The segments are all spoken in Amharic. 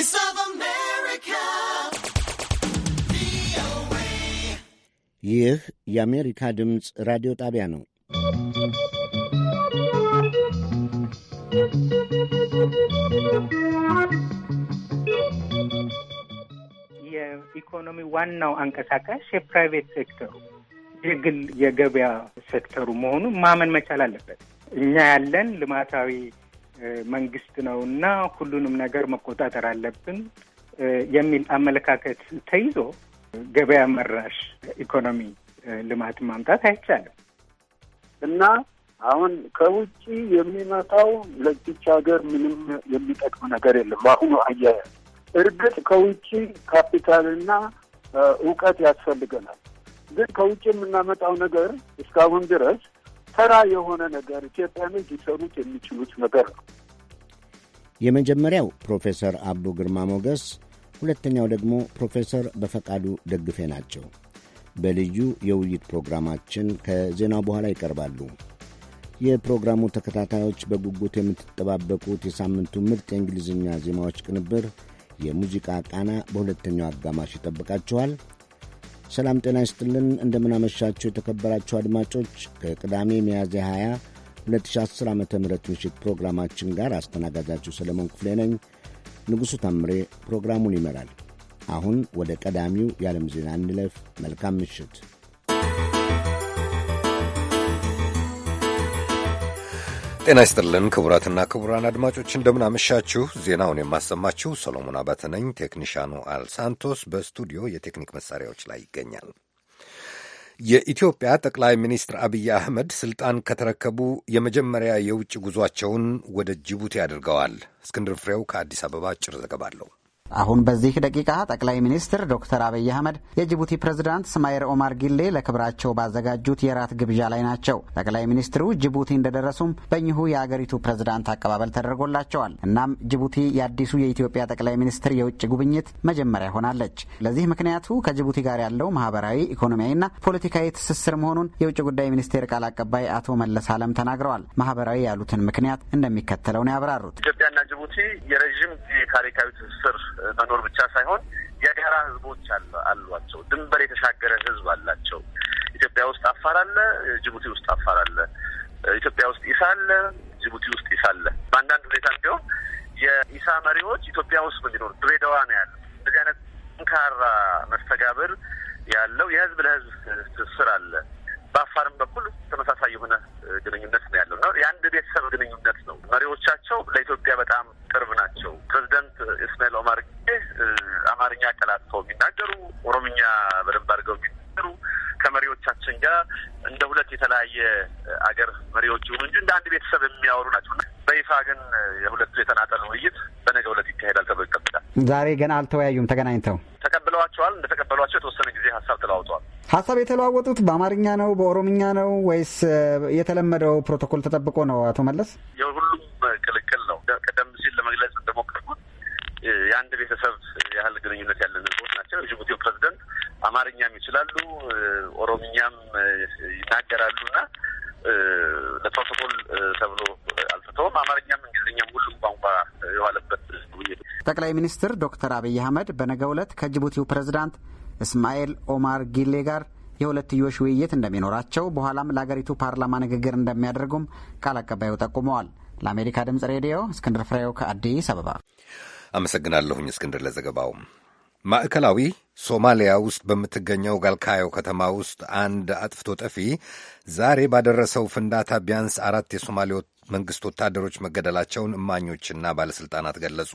Voice of America. ይህ የአሜሪካ ድምፅ ራዲዮ ጣቢያ ነው። የኢኮኖሚ ዋናው አንቀሳቃሽ የፕራይቬት ሴክተሩ የግል የገበያ ሴክተሩ መሆኑን ማመን መቻል አለበት። እኛ ያለን ልማታዊ መንግስት ነው እና ሁሉንም ነገር መቆጣጠር አለብን የሚል አመለካከት ተይዞ ገበያ መራሽ ኢኮኖሚ ልማት ማምጣት አይቻልም እና አሁን ከውጭ የሚመጣው ለዚች ሀገር ምንም የሚጠቅም ነገር የለም። በአሁኑ አያያዝ እርግጥ ከውጭ ካፒታልና እውቀት ያስፈልገናል። ግን ከውጭ የምናመጣው ነገር እስካሁን ድረስ ተራ የሆነ ነገር ኢትዮጵያኖች ሊሰሩት የሚችሉት ነገር ነው። የመጀመሪያው ፕሮፌሰር አቡ ግርማ ሞገስ፣ ሁለተኛው ደግሞ ፕሮፌሰር በፈቃዱ ደግፌ ናቸው። በልዩ የውይይት ፕሮግራማችን ከዜናው በኋላ ይቀርባሉ። የፕሮግራሙ ተከታታዮች በጉጉት የምትጠባበቁት የሳምንቱ ምርጥ የእንግሊዝኛ ዜማዎች ቅንብር የሙዚቃ ቃና በሁለተኛው አጋማሽ ይጠብቃችኋል። ሰላም ጤና ይስጥልን። እንደምናመሻችሁ የተከበራችሁ አድማጮች ከቅዳሜ ሚያዝያ 20 2010 ዓ ም ምሽት ፕሮግራማችን ጋር አስተናጋጃችሁ ሰለሞን ክፍሌ ነኝ። ንጉሡ ታምሬ ፕሮግራሙን ይመራል። አሁን ወደ ቀዳሚው የዓለም ዜና እንለፍ። መልካም ምሽት። ጤና ይስጥልን ክቡራትና ክቡራን አድማጮች እንደምን አመሻችሁ። ዜናውን የማሰማችሁ ሰሎሞን አባተ ነኝ። ቴክኒሻኑ አልሳንቶስ በስቱዲዮ የቴክኒክ መሳሪያዎች ላይ ይገኛል። የኢትዮጵያ ጠቅላይ ሚኒስትር አብይ አህመድ ስልጣን ከተረከቡ የመጀመሪያ የውጭ ጉዟቸውን ወደ ጅቡቲ አድርገዋል። እስክንድር ፍሬው ከአዲስ አበባ አጭር ዘገባ አለው። አሁን በዚህ ደቂቃ ጠቅላይ ሚኒስትር ዶክተር አብይ አህመድ የጅቡቲ ፕሬዝዳንት ስማኤር ኦማር ጊሌ ለክብራቸው ባዘጋጁት የራት ግብዣ ላይ ናቸው። ጠቅላይ ሚኒስትሩ ጅቡቲ እንደደረሱም በእኚሁ የአገሪቱ ፕሬዝዳንት አቀባበል ተደርጎላቸዋል። እናም ጅቡቲ የአዲሱ የኢትዮጵያ ጠቅላይ ሚኒስትር የውጭ ጉብኝት መጀመሪያ ሆናለች። ለዚህ ምክንያቱ ከጅቡቲ ጋር ያለው ማህበራዊ፣ ኢኮኖሚያዊና ፖለቲካዊ ትስስር መሆኑን የውጭ ጉዳይ ሚኒስቴር ቃል አቀባይ አቶ መለስ አለም ተናግረዋል። ማህበራዊ ያሉትን ምክንያት እንደሚከተለው ነው ያብራሩት። ኢትዮጵያና ጅቡቲ የረዥም ታሪካዊ ትስስር መኖር ብቻ ሳይሆን የጋራ ህዝቦች አሏቸው። ድንበር የተሻገረ ህዝብ አላቸው። ኢትዮጵያ ውስጥ አፋር አለ፣ ጅቡቲ ውስጥ አፋር አለ። ኢትዮጵያ ውስጥ ኢሳ አለ፣ ጅቡቲ ውስጥ ኢሳ አለ። በአንዳንድ ሁኔታ እንዲሁም የኢሳ መሪዎች ኢትዮጵያ ውስጥ እንዲኖር ድሬዳዋ ነው ያለ። እንደዚህ አይነት ጠንካራ መስተጋብር ያለው የህዝብ ለህዝብ ትስስር አለ። በአፋርም በኩል ተመሳሳይ የሆነ ግንኙነት ነው ያለው። የአንድ ቤተሰብ ግንኙነት ነው። መሪዎቻቸው ለኢትዮጵያ በጣም ቅርብ ናቸው። ፕሬዚደንት እስማኤል ኦማር ጌሌ አማርኛ ቀላጥፈው የሚናገሩ ኦሮምኛ በደንብ አድርገው ሚኒስትሩ ከመሪዎቻችን ጋር እንደ ሁለት የተለያየ አገር መሪዎች ይሁኑ እንጂ እንደ አንድ ቤተሰብ የሚያወሩ ናቸው። በይፋ ግን የሁለቱ የተናጠል ውይይት በነገ ሁለት ይካሄዳል ተብሎ ይጠበቃል። ዛሬ ገና አልተወያዩም። ተገናኝተው ተቀብለዋቸዋል። እንደ ተቀበሏቸው የተወሰነ ጊዜ ሀሳብ ተለዋውጠዋል። ሀሳብ የተለዋወጡት በአማርኛ ነው፣ በኦሮምኛ ነው ወይስ የተለመደው ፕሮቶኮል ተጠብቆ ነው? አቶ መለስ የሁሉም ክልክል ነው። ቀደም ሲል ለመግለጽ የአንድ ቤተሰብ ያህል ግንኙነት ያለን ህዝቦች ናቸው። የጅቡቲው ፕሬዚደንት አማርኛም ይችላሉ፣ ኦሮምኛም ይናገራሉ እና ለፕሮቶኮል ተብሎ አልተተውም። አማርኛም እንግሊዝኛም ሁሉም ቋንቋ የዋለበት ጠቅላይ ሚኒስትር ዶክተር አብይ አህመድ በነገ ዕለት ከጅቡቲው ፕሬዝዳንት እስማኤል ኦማር ጊሌ ጋር የሁለትዮሽ ውይይት እንደሚኖራቸው በኋላም ለአገሪቱ ፓርላማ ንግግር እንደሚያደርጉም ቃል አቀባዩ ጠቁመዋል። ለአሜሪካ ድምጽ ሬዲዮ እስክንድር ፍሬው ከአዲስ አበባ አመሰግናለሁኝ እስክንድር ለዘገባው። ማዕከላዊ ሶማሊያ ውስጥ በምትገኘው ጋልካዮ ከተማ ውስጥ አንድ አጥፍቶ ጠፊ ዛሬ ባደረሰው ፍንዳታ ቢያንስ አራት የሶማሌ መንግስት ወታደሮች መገደላቸውን እማኞችና ባለሥልጣናት ገለጹ።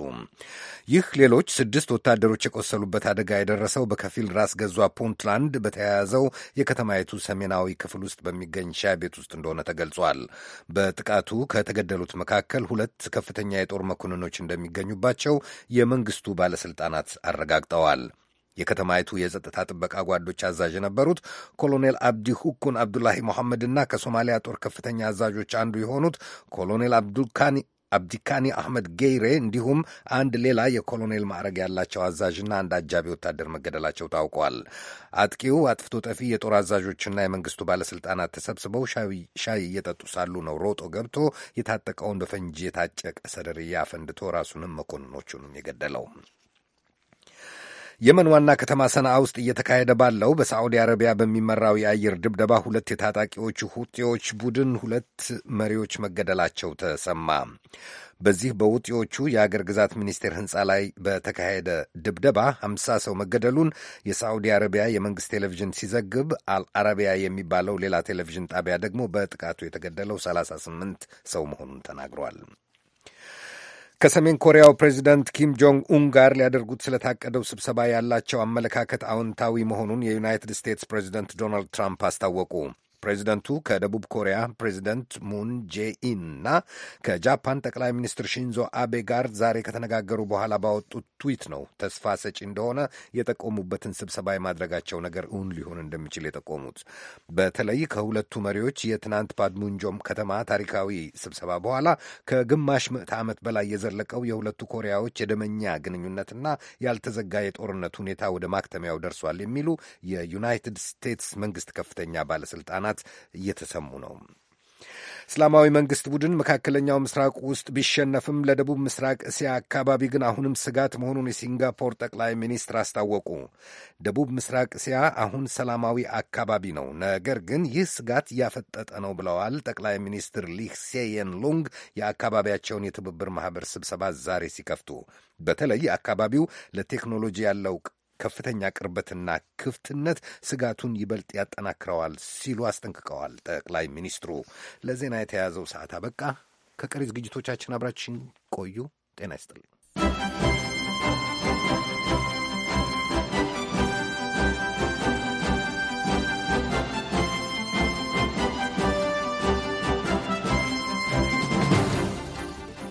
ይህ ሌሎች ስድስት ወታደሮች የቆሰሉበት አደጋ የደረሰው በከፊል ራስ ገዟ ፑንትላንድ በተያያዘው የከተማይቱ ሰሜናዊ ክፍል ውስጥ በሚገኝ ሻይ ቤት ውስጥ እንደሆነ ተገልጿል። በጥቃቱ ከተገደሉት መካከል ሁለት ከፍተኛ የጦር መኮንኖች እንደሚገኙባቸው የመንግስቱ ባለሥልጣናት አረጋግጠዋል። የከተማይቱ የጸጥታ ጥበቃ ጓዶች አዛዥ የነበሩት ኮሎኔል አብዲ ሁኩን አብዱላሂ ሞሐመድና ከሶማሊያ ጦር ከፍተኛ አዛዦች አንዱ የሆኑት ኮሎኔል አብዱልካኒ አብዲካኒ አህመድ ጌይሬ እንዲሁም አንድ ሌላ የኮሎኔል ማዕረግ ያላቸው አዛዥና አንድ አጃቢ ወታደር መገደላቸው ታውቋል። አጥቂው አጥፍቶ ጠፊ የጦር አዛዦችና የመንግስቱ ባለስልጣናት ተሰብስበው ሻይ እየጠጡ ሳሉ ነው ሮጦ ገብቶ የታጠቀውን በፈንጂ የታጨቀ ሰደርያ ፈንድቶ ራሱንም መኮንኖቹንም የገደለው። የመን ዋና ከተማ ሰነአ ውስጥ እየተካሄደ ባለው በሳዑዲ አረቢያ በሚመራው የአየር ድብደባ ሁለት የታጣቂዎቹ ሁጤዎች ቡድን ሁለት መሪዎች መገደላቸው ተሰማ። በዚህ በውጤዎቹ የአገር ግዛት ሚኒስቴር ህንፃ ላይ በተካሄደ ድብደባ ሀምሳ ሰው መገደሉን የሳዑዲ አረቢያ የመንግስት ቴሌቪዥን ሲዘግብ፣ አልአረቢያ የሚባለው ሌላ ቴሌቪዥን ጣቢያ ደግሞ በጥቃቱ የተገደለው 38 ሰው መሆኑን ተናግሯል። ከሰሜን ኮሪያው ፕሬዚደንት ኪም ጆንግ ኡን ጋር ሊያደርጉት ስለታቀደው ስብሰባ ያላቸው አመለካከት አዎንታዊ መሆኑን የዩናይትድ ስቴትስ ፕሬዚደንት ዶናልድ ትራምፕ አስታወቁ። ፕሬዚደንቱ ከደቡብ ኮሪያ ፕሬዚደንት ሙን ጄኢን እና ከጃፓን ጠቅላይ ሚኒስትር ሺንዞ አቤ ጋር ዛሬ ከተነጋገሩ በኋላ ባወጡት ትዊት ነው ተስፋ ሰጪ እንደሆነ የጠቆሙበትን ስብሰባ የማድረጋቸው ነገር እውን ሊሆን እንደሚችል የጠቆሙት። በተለይ ከሁለቱ መሪዎች የትናንት ፓድሙንጆም ከተማ ታሪካዊ ስብሰባ በኋላ ከግማሽ ምዕተ ዓመት በላይ የዘለቀው የሁለቱ ኮሪያዎች የደመኛ ግንኙነትና ያልተዘጋ የጦርነት ሁኔታ ወደ ማክተሚያው ደርሷል የሚሉ የዩናይትድ ስቴትስ መንግስት ከፍተኛ ባለስልጣናት ጥቃት እየተሰሙ ነው። እስላማዊ መንግስት ቡድን መካከለኛው ምስራቅ ውስጥ ቢሸነፍም ለደቡብ ምስራቅ እስያ አካባቢ ግን አሁንም ስጋት መሆኑን የሲንጋፖር ጠቅላይ ሚኒስትር አስታወቁ። ደቡብ ምስራቅ እስያ አሁን ሰላማዊ አካባቢ ነው፣ ነገር ግን ይህ ስጋት እያፈጠጠ ነው ብለዋል ጠቅላይ ሚኒስትር ሊህ ሴየን ሉንግ የአካባቢያቸውን የትብብር ማህበር ስብሰባ ዛሬ ሲከፍቱ በተለይ አካባቢው ለቴክኖሎጂ ያለው ከፍተኛ ቅርበትና ክፍትነት ስጋቱን ይበልጥ ያጠናክረዋል ሲሉ አስጠንቅቀዋል። ጠቅላይ ሚኒስትሩ ለዜና የተያዘው ሰዓት አበቃ። ከቀሪ ዝግጅቶቻችን አብራችን ቆዩ። ጤና ይስጥልኝ።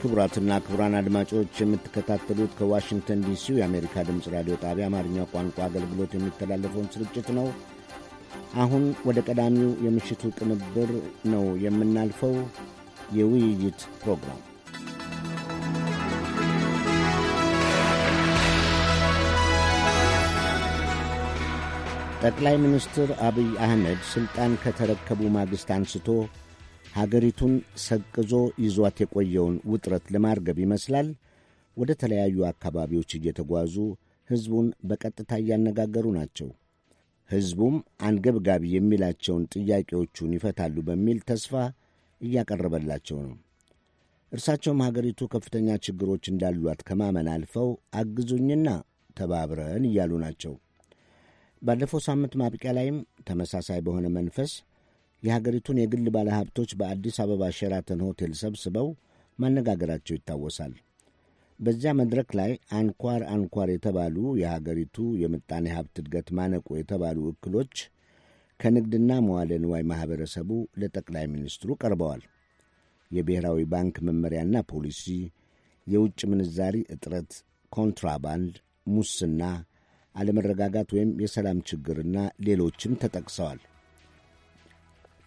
ክቡራትና ክቡራን አድማጮች የምትከታተሉት ከዋሽንግተን ዲሲው የአሜሪካ ድምፅ ራዲዮ ጣቢያ አማርኛ ቋንቋ አገልግሎት የሚተላለፈውን ስርጭት ነው። አሁን ወደ ቀዳሚው የምሽቱ ቅንብር ነው የምናልፈው። የውይይት ፕሮግራም ጠቅላይ ሚኒስትር አብይ አህመድ ሥልጣን ከተረከቡ ማግስት አንስቶ ሀገሪቱን ሰቅዞ ይዟት የቆየውን ውጥረት ለማርገብ ይመስላል ወደ ተለያዩ አካባቢዎች እየተጓዙ ሕዝቡን በቀጥታ እያነጋገሩ ናቸው። ሕዝቡም አንገብጋቢ የሚላቸውን ጥያቄዎቹን ይፈታሉ በሚል ተስፋ እያቀረበላቸው ነው። እርሳቸውም ሀገሪቱ ከፍተኛ ችግሮች እንዳሏት ከማመን አልፈው አግዙኝና ተባብረን እያሉ ናቸው። ባለፈው ሳምንት ማብቂያ ላይም ተመሳሳይ በሆነ መንፈስ የሀገሪቱን የግል ባለሀብቶች በአዲስ አበባ ሸራተን ሆቴል ሰብስበው ማነጋገራቸው ይታወሳል። በዚያ መድረክ ላይ አንኳር አንኳር የተባሉ የሀገሪቱ የምጣኔ ሀብት እድገት ማነቆ የተባሉ እክሎች ከንግድና መዋለ ንዋይ ማኅበረሰቡ ለጠቅላይ ሚኒስትሩ ቀርበዋል። የብሔራዊ ባንክ መመሪያና ፖሊሲ፣ የውጭ ምንዛሪ እጥረት፣ ኮንትራባንድ፣ ሙስና፣ አለመረጋጋት ወይም የሰላም ችግርና ሌሎችም ተጠቅሰዋል።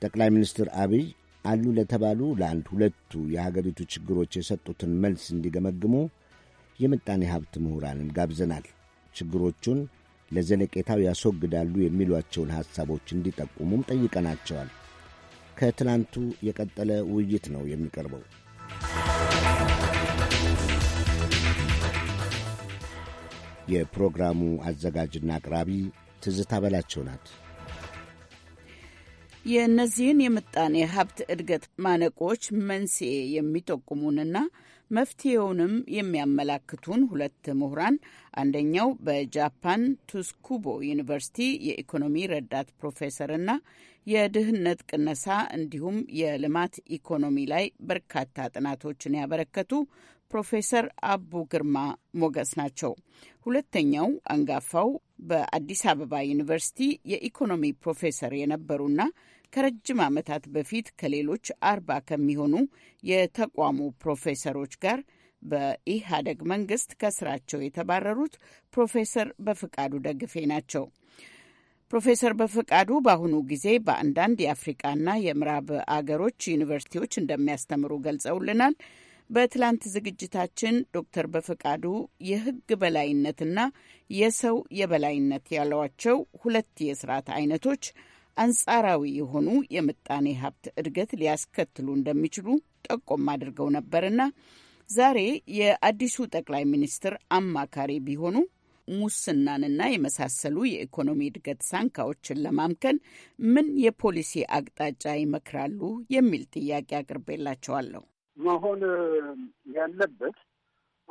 ጠቅላይ ሚኒስትር አብይ አሉ ለተባሉ ለአንድ ሁለቱ የሀገሪቱ ችግሮች የሰጡትን መልስ እንዲገመግሙ የምጣኔ ሀብት ምሁራንን ጋብዘናል። ችግሮቹን ለዘለቄታው ያስወግዳሉ የሚሏቸውን ሐሳቦች እንዲጠቁሙም ጠይቀናቸዋል። ከትናንቱ የቀጠለ ውይይት ነው የሚቀርበው። የፕሮግራሙ አዘጋጅና አቅራቢ ትዝታ በላቸው ናት። የእነዚህን የምጣኔ ሀብት እድገት ማነቆች መንስኤ የሚጠቁሙንና መፍትሄውንም የሚያመላክቱን ሁለት ምሁራን አንደኛው በጃፓን ቱስኩቦ ዩኒቨርሲቲ የኢኮኖሚ ረዳት ፕሮፌሰርና የድህነት ቅነሳ እንዲሁም የልማት ኢኮኖሚ ላይ በርካታ ጥናቶችን ያበረከቱ ፕሮፌሰር አቡ ግርማ ሞገስ ናቸው። ሁለተኛው አንጋፋው በአዲስ አበባ ዩኒቨርሲቲ የኢኮኖሚ ፕሮፌሰር የነበሩና ከረጅም ዓመታት በፊት ከሌሎች አርባ ከሚሆኑ የተቋሙ ፕሮፌሰሮች ጋር በኢህአደግ መንግስት ከስራቸው የተባረሩት ፕሮፌሰር በፍቃዱ ደግፌ ናቸው። ፕሮፌሰር በፍቃዱ በአሁኑ ጊዜ በአንዳንድ የአፍሪቃና የምዕራብ አገሮች ዩኒቨርሲቲዎች እንደሚያስተምሩ ገልጸውልናል። በትላንት ዝግጅታችን ዶክተር በፍቃዱ የህግ በላይነትና የሰው የበላይነት ያሏቸው ሁለት የስርዓት አይነቶች አንጻራዊ የሆኑ የምጣኔ ሀብት እድገት ሊያስከትሉ እንደሚችሉ ጠቆም አድርገው ነበርና ዛሬ የአዲሱ ጠቅላይ ሚኒስትር አማካሪ ቢሆኑ ሙስናንና የመሳሰሉ የኢኮኖሚ እድገት ሳንካዎችን ለማምከን ምን የፖሊሲ አቅጣጫ ይመክራሉ የሚል ጥያቄ አቅርቤላቸዋለሁ። መሆን ያለበት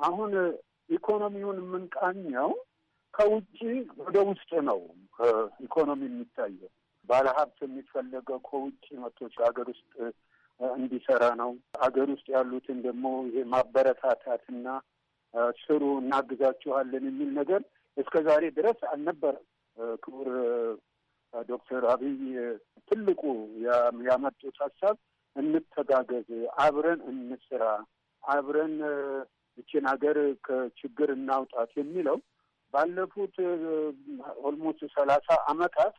አሁን ኢኮኖሚውን የምንቃኘው ከውጭ ወደ ውስጥ ነው። ኢኮኖሚ የሚታየው ባለሀብት የሚፈለገው ከውጭ መቶች ሀገር ውስጥ እንዲሰራ ነው። ሀገር ውስጥ ያሉትን ደግሞ ይሄ ማበረታታትና ስሩ እናግዛችኋለን የሚል ነገር እስከ ዛሬ ድረስ አልነበረም። ክቡር ዶክተር አብይ ትልቁ ያመጡት ሀሳብ እንተጋገዝ፣ አብረን እንስራ፣ አብረን ይችን ሀገር ከችግር እናውጣት የሚለው ባለፉት ኦልሞስት ሰላሳ አመታት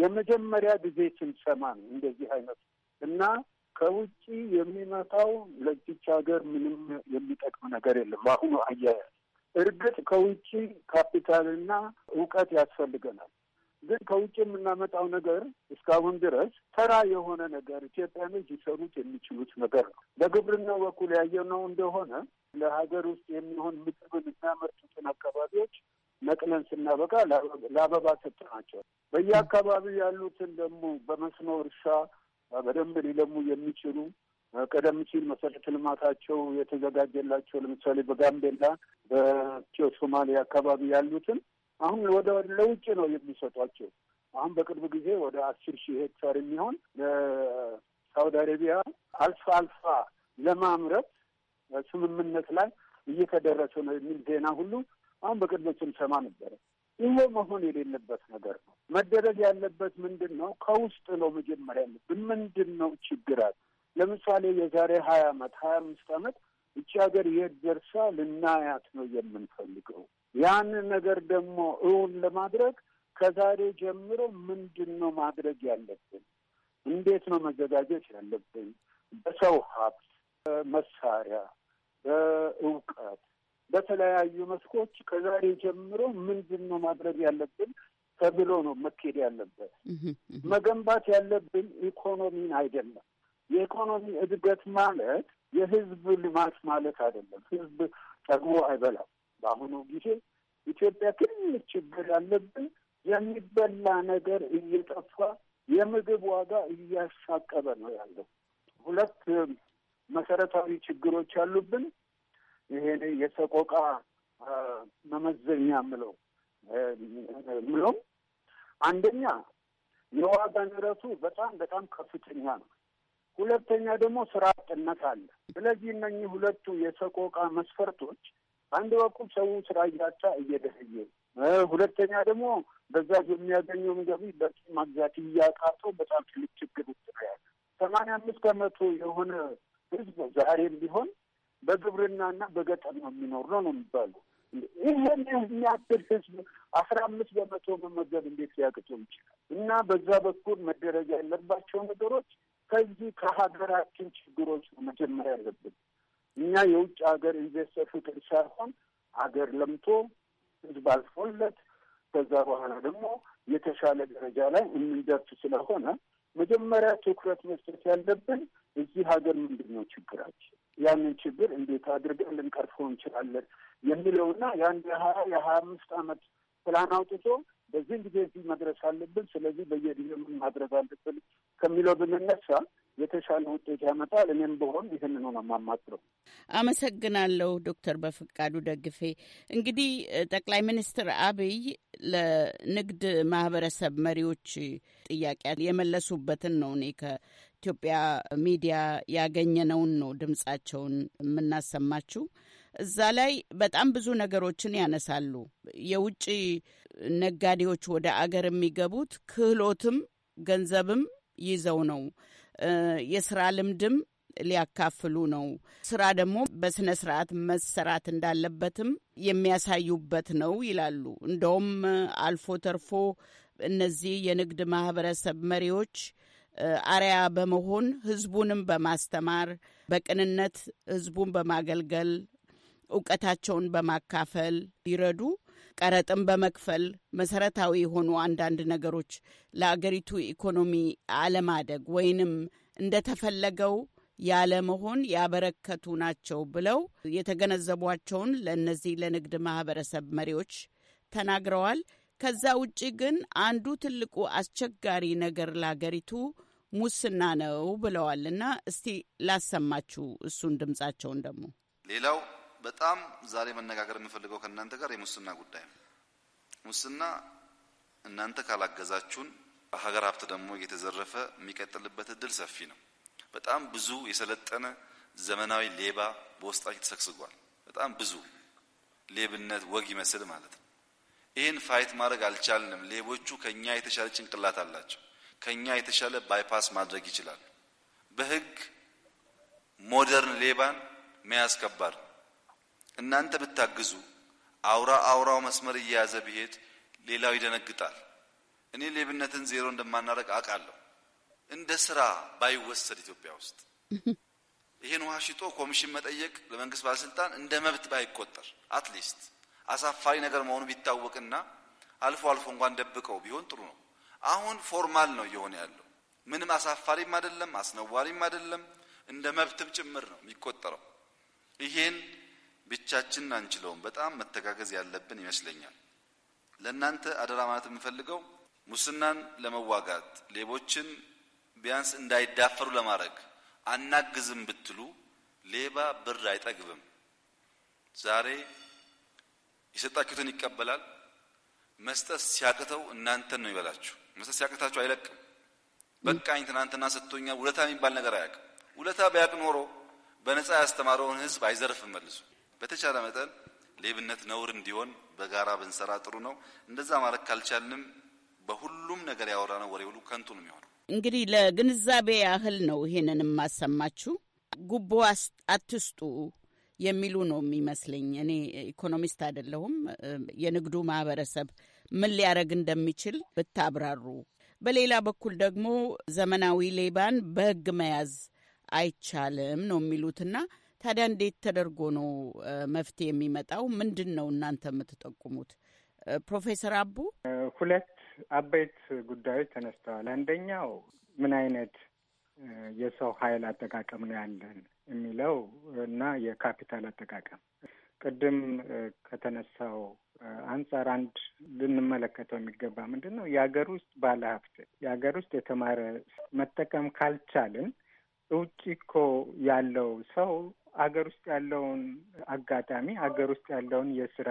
የመጀመሪያ ጊዜ ስንሰማ ነው እንደዚህ አይነት እና ከውጭ የሚመጣው ለዚች ሀገር ምንም የሚጠቅም ነገር የለም። በአሁኑ አያያዝ እርግጥ ከውጭ ካፒታልና እውቀት ያስፈልገናል። ግን ከውጭ የምናመጣው ነገር እስካሁን ድረስ ተራ የሆነ ነገር ኢትዮጵያኖች ሊሰሩት የሚችሉት ነገር ነው። በግብርና በኩል ያየነው እንደሆነ ለሀገር ውስጥ የሚሆን ምግብን የሚያመርቱትን አካባቢዎች ነቅለን ስናበቃ ለአበባ ሰጥናቸዋል። በየአካባቢው ያሉትን ደግሞ በመስኖ እርሻ በደንብ ሊለሙ የሚችሉ ቀደም ሲል መሰረተ ልማታቸው የተዘጋጀላቸው ለምሳሌ በጋምቤላ በኢትዮ ሶማሌ አካባቢ ያሉትን አሁን ወደ ለውጭ ነው የሚሰጧቸው። አሁን በቅርብ ጊዜ ወደ አስር ሺህ ሄክታር የሚሆን ለሳውዲ አረቢያ አልፋ አልፋ ለማምረት ስምምነት ላይ እየተደረሰ ነው የሚል ዜና ሁሉ አሁን በቅርብ ስንሰማ ነበረ። ይሄ መሆን የሌለበት ነገር ነው። መደረግ ያለበት ምንድን ነው? ከውስጥ ነው መጀመሪያ ያለብን። ምንድን ነው ችግራት? ለምሳሌ የዛሬ ሀያ አመት ሀያ አምስት አመት እቺ ሀገር የት ደርሳ ልናያት ነው የምንፈልገው? ያንን ነገር ደግሞ እውን ለማድረግ ከዛሬ ጀምሮ ምንድን ነው ማድረግ ያለብን? እንዴት ነው መዘጋጀት ያለብን? በሰው ሀብት፣ በመሳሪያ፣ በእውቀት በተለያዩ መስኮች ከዛሬ ጀምሮ ምንድን ነው ማድረግ ያለብን ተብሎ ነው መኬድ ያለበት። መገንባት ያለብን ኢኮኖሚን አይደለም። የኢኮኖሚ እድገት ማለት የህዝብ ልማት ማለት አይደለም። ህዝብ ጠግቦ አይበላም። በአሁኑ ጊዜ ኢትዮጵያ ትልቅ ችግር ያለብን የሚበላ ነገር እየጠፋ የምግብ ዋጋ እያሻቀበ ነው ያለው። ሁለት መሰረታዊ ችግሮች ያሉብን ይሄን የሰቆቃ መመዘኛ ምለው ምለው አንደኛ የዋጋ ንረቱ በጣም በጣም ከፍተኛ ነው። ሁለተኛ ደግሞ ስራ አጥነት አለ። ስለዚህ እነኚህ ሁለቱ የሰቆቃ መስፈርቶች አንድ በኩል ሰው ስራ እያጣ እየደህየ፣ ሁለተኛ ደግሞ በዛ የሚያገኘውም ገቢ በቂ ማግዛት እያቃተው በጣም ትልቅ ችግር ውስጥ ነው ያለ። ሰማንያ አምስት ከመቶ የሆነ ህዝብ ዛሬም ቢሆን በግብርናና በገጠር ነው የሚኖር ነው ነው የሚባሉ ይህን የሚያክል ህዝብ አስራ አምስት በመቶ መመገብ እንዴት ሊያቅተው ይችላል? እና በዛ በኩል መደረግ ያለባቸው ነገሮች ከዚህ ከሀገራችን ችግሮች መጀመሪያ ያለብን እኛ የውጭ ሀገር ኢንቨስተር ፍቅር ሳይሆን ሀገር ለምቶ ህዝብ አልፎለት ከዛ በኋላ ደግሞ የተሻለ ደረጃ ላይ የምንደርስ ስለሆነ መጀመሪያ ትኩረት መስጠት ያለብን እዚህ ሀገር ምንድን ነው ችግራችን ያንን ችግር እንዴት አድርገን ልንቀርፈው እንችላለን የሚለውና የአንድ የሀያ የሀያ አምስት አመት ፕላን አውጥቶ በዚህን ጊዜ እዚህ መድረስ አለብን፣ ስለዚህ በየጊዜው ምን ማድረግ አለብን ከሚለው ብንነሳ የተሻለ ውጤት ያመጣል። እኔም በሆን ይህንኑ ነው የማማክረው። አመሰግናለሁ ዶክተር በፍቃዱ ደግፌ። እንግዲህ ጠቅላይ ሚኒስትር አብይ ለንግድ ማህበረሰብ መሪዎች ጥያቄ የመለሱበትን ነው እኔ ከኢትዮጵያ ሚዲያ ያገኘነውን ነው ድምጻቸውን የምናሰማችው። እዛ ላይ በጣም ብዙ ነገሮችን ያነሳሉ። የውጭ ነጋዴዎች ወደ አገር የሚገቡት ክህሎትም ገንዘብም ይዘው ነው የስራ ልምድም ሊያካፍሉ ነው። ስራ ደግሞ በስነ ስርዓት መሰራት እንዳለበትም የሚያሳዩበት ነው ይላሉ። እንደውም አልፎ ተርፎ እነዚህ የንግድ ማህበረሰብ መሪዎች አሪያ በመሆን ህዝቡንም በማስተማር በቅንነት ህዝቡን በማገልገል እውቀታቸውን በማካፈል ሊረዱ ቀረጥን በመክፈል መሰረታዊ የሆኑ አንዳንድ ነገሮች ለአገሪቱ ኢኮኖሚ አለማደግ ወይንም እንደተፈለገው ያለመሆን ያበረከቱ ናቸው ብለው የተገነዘቧቸውን ለእነዚህ ለንግድ ማህበረሰብ መሪዎች ተናግረዋል። ከዛ ውጪ ግን አንዱ ትልቁ አስቸጋሪ ነገር ለአገሪቱ ሙስና ነው ብለዋል እና እስቲ ላሰማችሁ እሱን ድምጻቸውን ደግሞ ሌላው በጣም ዛሬ መነጋገር የምፈልገው ከእናንተ ጋር የሙስና ጉዳይ ነው። ሙስና እናንተ ካላገዛችሁን በሀገር ሀብት ደግሞ እየተዘረፈ የሚቀጥልበት እድል ሰፊ ነው። በጣም ብዙ የሰለጠነ ዘመናዊ ሌባ በውስጣችን ተሰግስጓል። በጣም ብዙ ሌብነት ወግ ይመስል ማለት ነው። ይህን ፋይት ማድረግ አልቻልንም። ሌቦቹ ከኛ የተሻለ ጭንቅላት አላቸው። ከኛ የተሻለ ባይፓስ ማድረግ ይችላል። በህግ ሞደርን ሌባን መያዝ ከባድ ነው። እናንተ ብታግዙ አውራ አውራው መስመር እየያዘ ቢሄድ ሌላው ይደነግጣል። እኔ ሌብነትን ዜሮ እንደማናደርግ አውቃለሁ። እንደ ስራ ባይወሰድ ኢትዮጵያ ውስጥ ይሄን ውሃ ሽጦ ኮሚሽን መጠየቅ ለመንግስት ባለስልጣን እንደ መብት ባይቆጠር አትሊስት አሳፋሪ ነገር መሆኑ ቢታወቅና አልፎ አልፎ እንኳን ደብቀው ቢሆን ጥሩ ነው። አሁን ፎርማል ነው እየሆነ ያለው። ምንም አሳፋሪም አይደለም፣ አስነዋሪም አይደለም። እንደ መብትም ጭምር ነው የሚቆጠረው። ይሄን ብቻችንን አንችለውም። በጣም መተጋገዝ ያለብን ይመስለኛል። ለእናንተ አደራ ማለት የምፈልገው ሙስናን ለመዋጋት ሌቦችን ቢያንስ እንዳይዳፈሩ ለማድረግ አናግዝም ብትሉ ሌባ ብር አይጠግብም። ዛሬ የሰጣችሁትን ይቀበላል። መስጠት ሲያቅተው እናንተን ነው ይበላችሁ። መስጠት ሲያቅታችሁ አይለቅም። በቃኝ ትናንትና ሰጥቶኛል ውለታ የሚባል ነገር አያውቅም። ውለታ ቢያውቅ ኖሮ በነፃ ያስተማረውን ሕዝብ አይዘርፍም መልሱ በተቻለ መጠን ሌብነት ነውር እንዲሆን በጋራ ብንሰራ ጥሩ ነው። እንደዛ ማለት ካልቻልንም በሁሉም ነገር ያወራነው ወሬ ሁሉ ከንቱ ነው የሚሆነው። እንግዲህ ለግንዛቤ ያህል ነው ይሄንን የማሰማችሁ። ጉቦ አትስጡ የሚሉ ነው የሚመስለኝ። እኔ ኢኮኖሚስት አይደለሁም። የንግዱ ማህበረሰብ ምን ሊያደርግ እንደሚችል ብታብራሩ። በሌላ በኩል ደግሞ ዘመናዊ ሌባን በህግ መያዝ አይቻልም ነው የሚሉትና ታዲያ እንዴት ተደርጎ ነው መፍትሄ የሚመጣው? ምንድን ነው እናንተ የምትጠቁሙት? ፕሮፌሰር አቡ ሁለት አበይት ጉዳዮች ተነስተዋል። አንደኛው ምን አይነት የሰው ኃይል አጠቃቀም ነው ያለን የሚለው እና የካፒታል አጠቃቀም ቅድም ከተነሳው አንጻር አንድ ልንመለከተው የሚገባ ምንድን ነው የሀገር ውስጥ ባለሀብት የሀገር ውስጥ የተማረ መጠቀም ካልቻልን እውጭ እኮ ያለው ሰው አገር ውስጥ ያለውን አጋጣሚ አገር ውስጥ ያለውን የስራ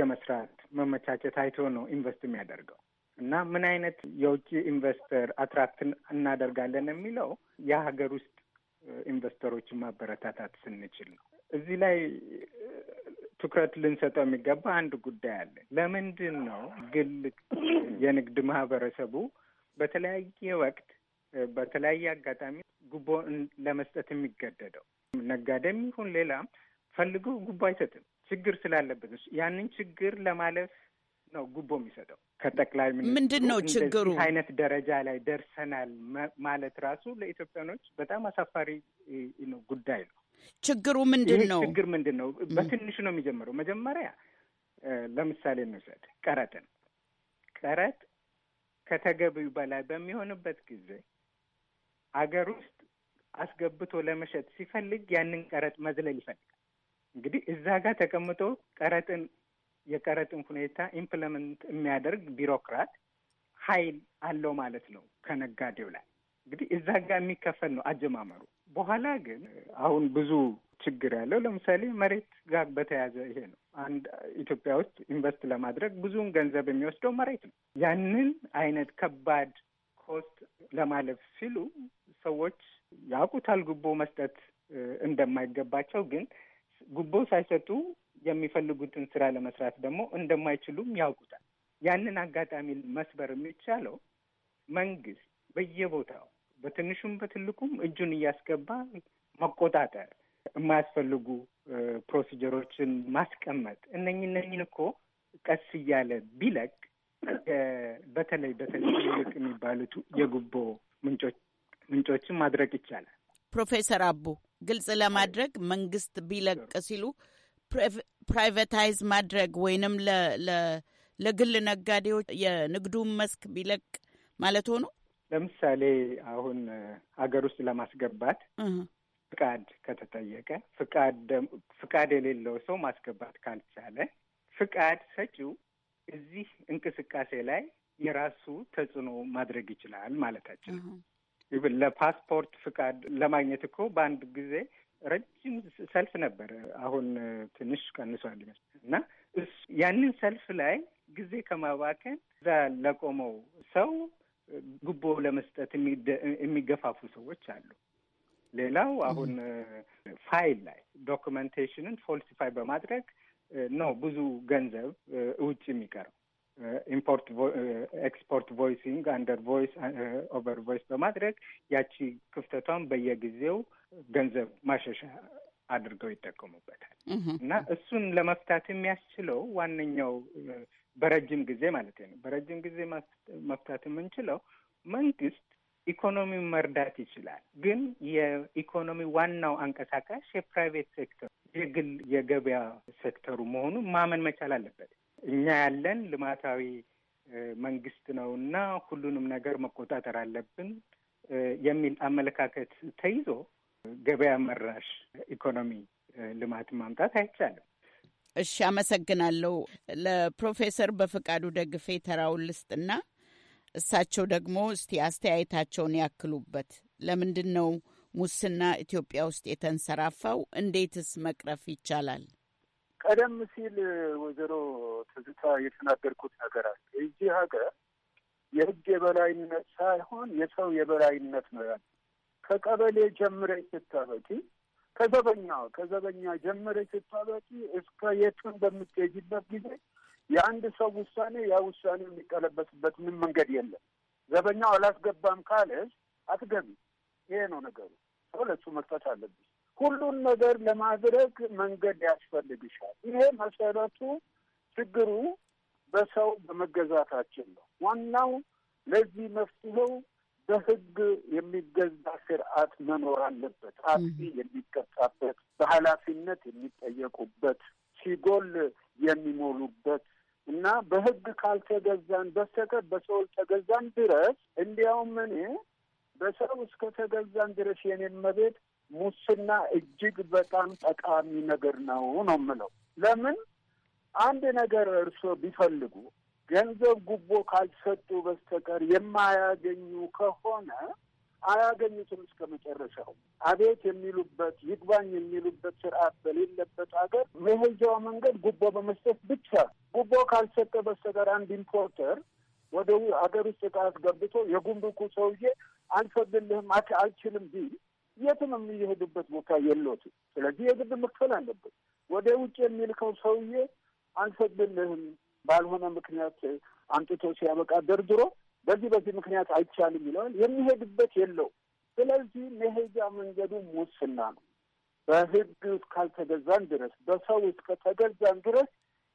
የመስራት መመቻቸት አይቶ ነው ኢንቨስት የሚያደርገው እና ምን አይነት የውጭ ኢንቨስተር አትራክት እናደርጋለን የሚለው የሀገር ውስጥ ኢንቨስተሮችን ማበረታታት ስንችል ነው። እዚህ ላይ ትኩረት ልንሰጠው የሚገባ አንድ ጉዳይ አለ። ለምንድን ነው ግል የንግድ ማህበረሰቡ በተለያየ ወቅት በተለያየ አጋጣሚ ጉቦ ለመስጠት የሚገደደው? ነጋዴም ይሁን ሌላም ፈልጎ ጉቦ አይሰጥም። ችግር ስላለበት ያንን ችግር ለማለፍ ነው ጉቦ የሚሰጠው። ከጠቅላይ ሚኒስትሩ ምንድን ነው ችግሩ አይነት ደረጃ ላይ ደርሰናል ማለት ራሱ ለኢትዮጵያኖች በጣም አሳፋሪ ነው ጉዳይ ነው። ችግሩ ምንድን ነው? ችግር ምንድን ነው? በትንሹ ነው የሚጀምረው። መጀመሪያ ለምሳሌ እንውሰድ ቀረጥን። ቀረጥ ከተገቢው በላይ በሚሆንበት ጊዜ አገር ውስጥ አስገብቶ ለመሸጥ ሲፈልግ ያንን ቀረጥ መዝለል ይፈልጋል። እንግዲህ እዛ ጋር ተቀምጦ ቀረጥን የቀረጥን ሁኔታ ኢምፕለመንት የሚያደርግ ቢሮክራት ኃይል አለው ማለት ነው ከነጋዴው ላይ እንግዲህ እዛ ጋር የሚከፈል ነው አጀማመሩ። በኋላ ግን አሁን ብዙ ችግር ያለው ለምሳሌ መሬት ጋር በተያያዘ ይሄ ነው። አንድ ኢትዮጵያ ውስጥ ኢንቨስት ለማድረግ ብዙውን ገንዘብ የሚወስደው መሬት ነው። ያንን አይነት ከባድ ኮስት ለማለፍ ሲሉ ሰዎች ያውቁታል ጉቦ መስጠት እንደማይገባቸው፣ ግን ጉቦ ሳይሰጡ የሚፈልጉትን ስራ ለመስራት ደግሞ እንደማይችሉም ያውቁታል። ያንን አጋጣሚ መስበር የሚቻለው መንግስት በየቦታው በትንሹም በትልቁም እጁን እያስገባ መቆጣጠር፣ የማያስፈልጉ ፕሮሲጀሮችን ማስቀመጥ እነኝ እነኝን እኮ ቀስ እያለ ቢለቅ በተለይ በተለይ ትልቅ የሚባሉት የጉቦ ምንጮች ምንጮችን ማድረግ ይቻላል። ፕሮፌሰር አቡ ግልጽ ለማድረግ መንግስት ቢለቅ ሲሉ ፕራይቬታይዝ ማድረግ ወይንም ለግል ነጋዴዎች የንግዱን መስክ ቢለቅ ማለት ሆኖ ለምሳሌ አሁን ሀገር ውስጥ ለማስገባት ፍቃድ ከተጠየቀ ፍቃድ ፍቃድ የሌለው ሰው ማስገባት ካልቻለ ፍቃድ ሰጪው እዚህ እንቅስቃሴ ላይ የራሱ ተጽዕኖ ማድረግ ይችላል ማለታችን ነው። ለፓስፖርት ፍቃድ ለማግኘት እኮ በአንድ ጊዜ ረጅም ሰልፍ ነበር አሁን ትንሽ ቀንሷል ይመስል እና ያንን ሰልፍ ላይ ጊዜ ከማባከን እዛ ለቆመው ሰው ጉቦ ለመስጠት የሚገፋፉ ሰዎች አሉ። ሌላው አሁን ፋይል ላይ ዶክመንቴሽንን ፎልሲፋይ በማድረግ ነው ብዙ ገንዘብ ውጭ የሚቀረው ኢምፖርት ኤክስፖርት ቮይሲንግ አንደር ቮይስ ኦቨር ቮይስ በማድረግ ያቺ ክፍተቷን በየጊዜው ገንዘብ ማሸሻ አድርገው ይጠቀሙበታል እና እሱን ለመፍታት የሚያስችለው ዋነኛው uh, በረጅም ጊዜ ማለት ነው። በረጅም ጊዜ መፍታት የምንችለው መንግስት ኢኮኖሚውን መርዳት ይችላል። ግን የኢኮኖሚ ዋናው አንቀሳቃሽ የፕራይቬት ሴክተር የግል የገበያ ሴክተሩ መሆኑን ማመን መቻል አለበት። እኛ ያለን ልማታዊ መንግስት ነው እና ሁሉንም ነገር መቆጣጠር አለብን የሚል አመለካከት ተይዞ ገበያ መራሽ ኢኮኖሚ ልማት ማምጣት አይቻልም። እሺ፣ አመሰግናለሁ። ለፕሮፌሰር በፈቃዱ ደግፌ ተራውን ልስጥና እሳቸው ደግሞ እስቲ አስተያየታቸውን ያክሉበት። ለምንድን ነው ሙስና ኢትዮጵያ ውስጥ የተንሰራፋው? እንዴትስ መቅረፍ ይቻላል? ቀደም ሲል ወይዘሮ ትዝታ የተናገርኩት ነገር አለ። እዚህ ሀገር የህግ የበላይነት ሳይሆን የሰው የበላይነት ነው ያለ። ከቀበሌ ጀምረች ስታበቂ፣ ከዘበኛ ከዘበኛ ጀምረች ስታበቂ እስከ የቱን በምትሄጂበት ጊዜ የአንድ ሰው ውሳኔ ያ ውሳኔ የሚቀለበስበት ምን መንገድ የለም። ዘበኛው አላስገባም ካለ አትገቢ። ይሄ ነው ነገሩ። ሰው ለሱ መስጠት አለብሽ። ሁሉን ነገር ለማድረግ መንገድ ያስፈልግሻል። ይሄ መሰረቱ ችግሩ በሰው በመገዛታችን ነው። ዋናው ለዚህ መፍትሄው በህግ የሚገዛ ስርዓት መኖር አለበት። አጥፊ የሚቀጣበት፣ በኃላፊነት የሚጠየቁበት፣ ሲጎል የሚሞሉበት እና በህግ ካልተገዛን በስተቀር በሰው ተገዛን ድረስ እንዲያውም እኔ በሰው እስከተገዛን ድረስ የኔን መቤት ሙስና እጅግ በጣም ጠቃሚ ነገር ነው ነው የምለው። ለምን አንድ ነገር እርሶ ቢፈልጉ ገንዘብ ጉቦ ካልሰጡ በስተቀር የማያገኙ ከሆነ አያገኙትም እስከ መጨረሻው። አቤት የሚሉበት ይግባኝ የሚሉበት ስርዓት በሌለበት ሀገር መሄጃው መንገድ ጉቦ በመስጠት ብቻ። ጉቦ ካልሰጠ በስተቀር አንድ ኢምፖርተር ወደ ሀገር ውስጥ ዕቃ አስገብቶ የጉምሩኩ ሰውዬ አልፈቅድልህም አልችልም ቢል የትም የሚሄድበት ቦታ የለት። ስለዚህ የግድ መክፈል አለበት። ወደ ውጭ የሚልከው ሰውዬ አንፈቅድልህም ባልሆነ ምክንያት አምጥቶ ሲያበቃ ደርድሮ በዚህ በዚህ ምክንያት አይቻልም ይለዋል። የሚሄድበት የለው። ስለዚህ መሄጃ መንገዱ ሙስና ነው። በህግ እስካልተገዛን ድረስ በሰው እስከተገዛን ድረስ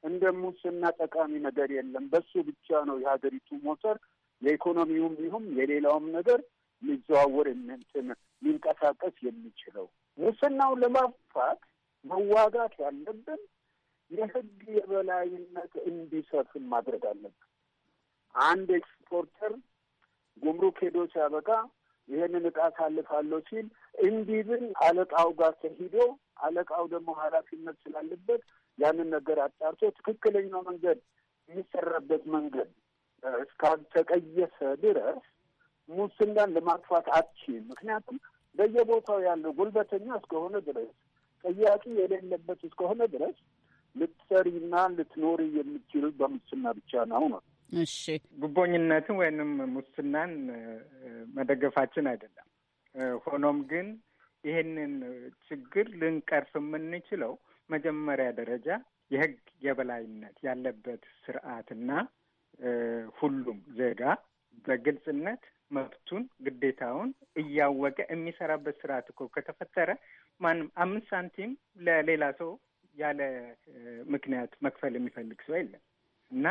እንደ ሙስና ጠቃሚ ነገር የለም። በሱ ብቻ ነው የሀገሪቱ ሞተር የኢኮኖሚውም ይሁም የሌላውም ነገር ሊዘዋወር የሚንትን ሊንቀሳቀስ የሚችለው ሙስናውን ለማፋት መዋጋት ያለብን የህግ የበላይነት እንዲሰፍን ማድረግ አለብን። አንድ ኤክስፖርተር ጉምሩክ ሄዶ ሲያበቃ ይህንን እቃ አሳልፋለሁ ሲል እንዲብን አለቃው ጋር ተሂዶ አለቃው ደግሞ ኃላፊነት ስላለበት ያንን ነገር አጣርቶ ትክክለኛው መንገድ የሚሰራበት መንገድ እስካልተቀየሰ ድረስ ሙስናን ለማጥፋት አትችልም። ምክንያቱም በየቦታው ያለው ጉልበተኛ እስከሆነ ድረስ ጠያቂ የሌለበት እስከሆነ ድረስ ልትሰሪና ልትኖሪ የምትችል በሙስና ብቻ ነው ነው። እሺ ጉቦኝነትን ወይንም ሙስናን መደገፋችን አይደለም። ሆኖም ግን ይህንን ችግር ልንቀርፍ የምንችለው መጀመሪያ ደረጃ የህግ የበላይነት ያለበት ስርዓትና ሁሉም ዜጋ በግልጽነት መብቱን ግዴታውን እያወቀ የሚሰራበት ስርዓት እኮ ከተፈጠረ ማንም አምስት ሳንቲም ለሌላ ሰው ያለ ምክንያት መክፈል የሚፈልግ ሰው የለም እና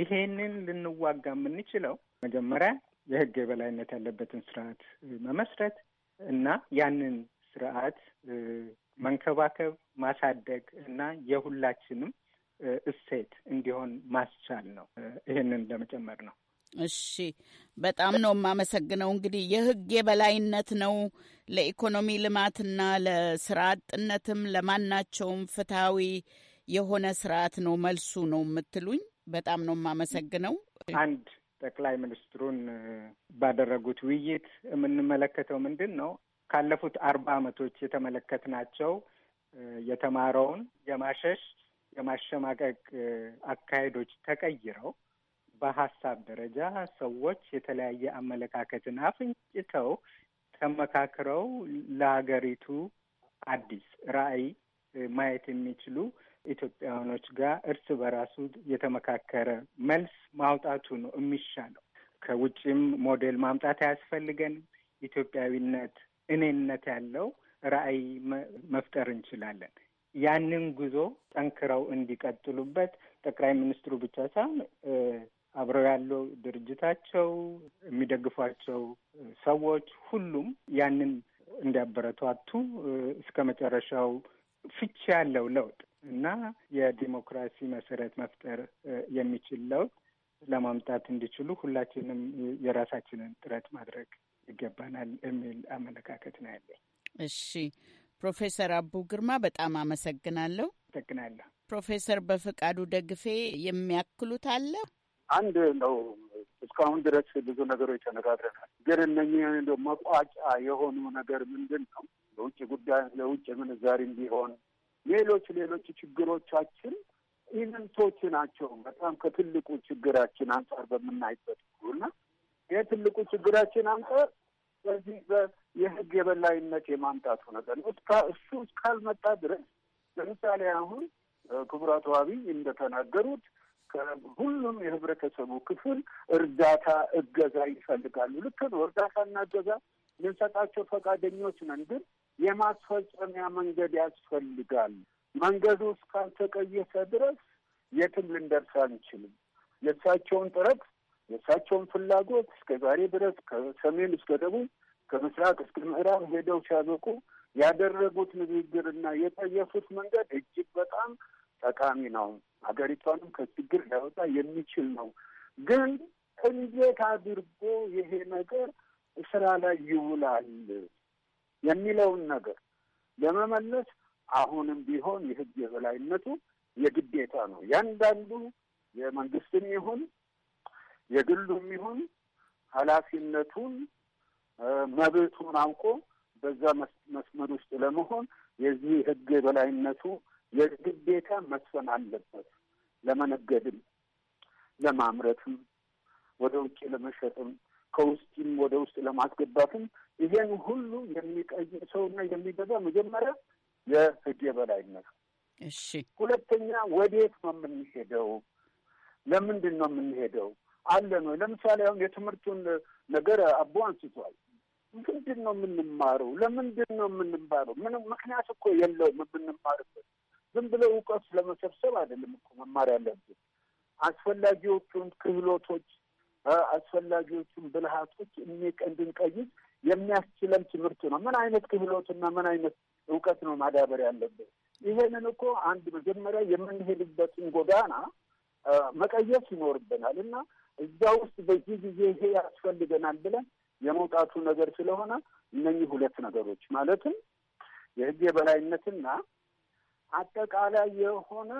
ይሄንን ልንዋጋ የምንችለው መጀመሪያ የህግ የበላይነት ያለበትን ስርዓት መመስረት እና ያንን ስርዓት መንከባከብ፣ ማሳደግ እና የሁላችንም እሴት እንዲሆን ማስቻል ነው። ይሄንን ለመጨመር ነው። እሺ፣ በጣም ነው የማመሰግነው። እንግዲህ የህግ የበላይነት ነው ለኢኮኖሚ ልማትና ለስራ አጥነትም ለማናቸውም ፍትሐዊ የሆነ ስርዓት ነው መልሱ ነው የምትሉኝ። በጣም ነው የማመሰግነው። አንድ ጠቅላይ ሚኒስትሩን ባደረጉት ውይይት የምንመለከተው ምንድን ነው ካለፉት አርባ ዓመቶች የተመለከትናቸው የተማረውን የማሸሽ የማሸማቀቅ አካሄዶች ተቀይረው በሀሳብ ደረጃ ሰዎች የተለያየ አመለካከትን አፍንጭተው ተመካክረው ለሀገሪቱ አዲስ ራዕይ ማየት የሚችሉ ኢትዮጵያውያኖች ጋር እርስ በራሱ የተመካከረ መልስ ማውጣቱ ነው የሚሻለው። ከውጭም ሞዴል ማምጣት አያስፈልገንም። ኢትዮጵያዊነት፣ እኔነት ያለው ራዕይ መፍጠር እንችላለን። ያንን ጉዞ ጠንክረው እንዲቀጥሉበት ጠቅላይ ሚኒስትሩ ብቻ ሳይሆን አብረው ያለው ድርጅታቸው፣ የሚደግፏቸው ሰዎች ሁሉም ያንን እንዲያበረታቱ እስከ መጨረሻው ፍቺ ያለው ለውጥ እና የዲሞክራሲ መሰረት መፍጠር የሚችል ለውጥ ለማምጣት እንዲችሉ ሁላችንም የራሳችንን ጥረት ማድረግ ይገባናል የሚል አመለካከት ነው ያለኝ። እሺ፣ ፕሮፌሰር አቡ ግርማ በጣም አመሰግናለሁ። አመሰግናለሁ። ፕሮፌሰር በፈቃዱ ደግፌ የሚያክሉት አለ? አንድ ነው። እስካሁን ድረስ ብዙ ነገሮች ተነጋግረናል። ግን እነኚህ እንደው መቋጫ የሆኑ ነገር ምንድን ነው? ለውጭ ጉዳይ ለውጭ ምንዛሪም ቢሆን ሌሎች ሌሎች ችግሮቻችን ኢቨንቶች ናቸው። በጣም ከትልቁ ችግራችን አንጻር በምናይበት እና ይህ ትልቁ ችግራችን አንጻር በዚህ የህግ የበላይነት የማምጣቱ ነገር ነው። እሱ እስካልመጣ ድረስ ለምሳሌ አሁን ክቡራቱ አብይ እንደተናገሩት ሁሉም የህብረተሰቡ ክፍል እርዳታ እገዛ ይፈልጋሉ። ልክ ነው። እርዳታና እገዛ ልንሰጣቸው ፈቃደኞች ነን፣ ግን የማስፈጸሚያ መንገድ ያስፈልጋል። መንገዱ እስካልተቀየሰ ድረስ የትም ልንደርስ አንችልም። የእሳቸውን ጥረት የእሳቸውን ፍላጎት እስከ ዛሬ ድረስ ከሰሜን እስከ ደቡብ ከምስራቅ እስከ ምዕራብ ሄደው ሲያበቁ ያደረጉት ንግግርና የጠየፉት መንገድ እጅግ በጣም ጠቃሚ ነው፣ ሀገሪቷንም ከችግር ሊያወጣ የሚችል ነው። ግን እንዴት አድርጎ ይሄ ነገር ስራ ላይ ይውላል የሚለውን ነገር ለመመለስ አሁንም ቢሆን የህግ የበላይነቱ የግዴታ ነው። ያንዳንዱ የመንግስትም ይሁን የግሉም ይሁን ኃላፊነቱን መብቱን አውቆ በዛ መስመር ውስጥ ለመሆን የዚህ ህግ የበላይነቱ የግዴታ መስፈን አለበት። ለመነገድም፣ ለማምረትም፣ ወደ ውጭ ለመሸጥም፣ ከውስጥም ወደ ውስጥ ለማስገባትም ይሄን ሁሉ የሚቀይር ሰውና የሚገዛ መጀመሪያ የህግ የበላይነት። እሺ፣ ሁለተኛ ወዴት ነው የምንሄደው? ለምንድን ነው የምንሄደው? አለ ነው። ለምሳሌ አሁን የትምህርቱን ነገር አቦ አንስቷል። ምንድን ነው የምንማረው? ለምንድን ነው የምንማረው? ምንም ምክንያት እኮ የለውም የምንማርበት ዝም ብለው እውቀት ለመሰብሰብ አይደለም እኮ መማር ያለብን። አስፈላጊዎቹን ክህሎቶች፣ አስፈላጊዎቹን ብልሃቶች እንድንቀይዝ የሚያስችለን ትምህርት ነው። ምን አይነት ክህሎትና ምን አይነት እውቀት ነው ማዳበር ያለብን? ይሄንን እኮ አንድ መጀመሪያ የምንሄድበትን ጎዳና መቀየስ ይኖርብናል እና እዛ ውስጥ በዚህ ጊዜ ይሄ ያስፈልገናል ብለን የመውጣቱ ነገር ስለሆነ እነኚህ ሁለት ነገሮች ማለትም የህግ የበላይነትና አጠቃላይ የሆነ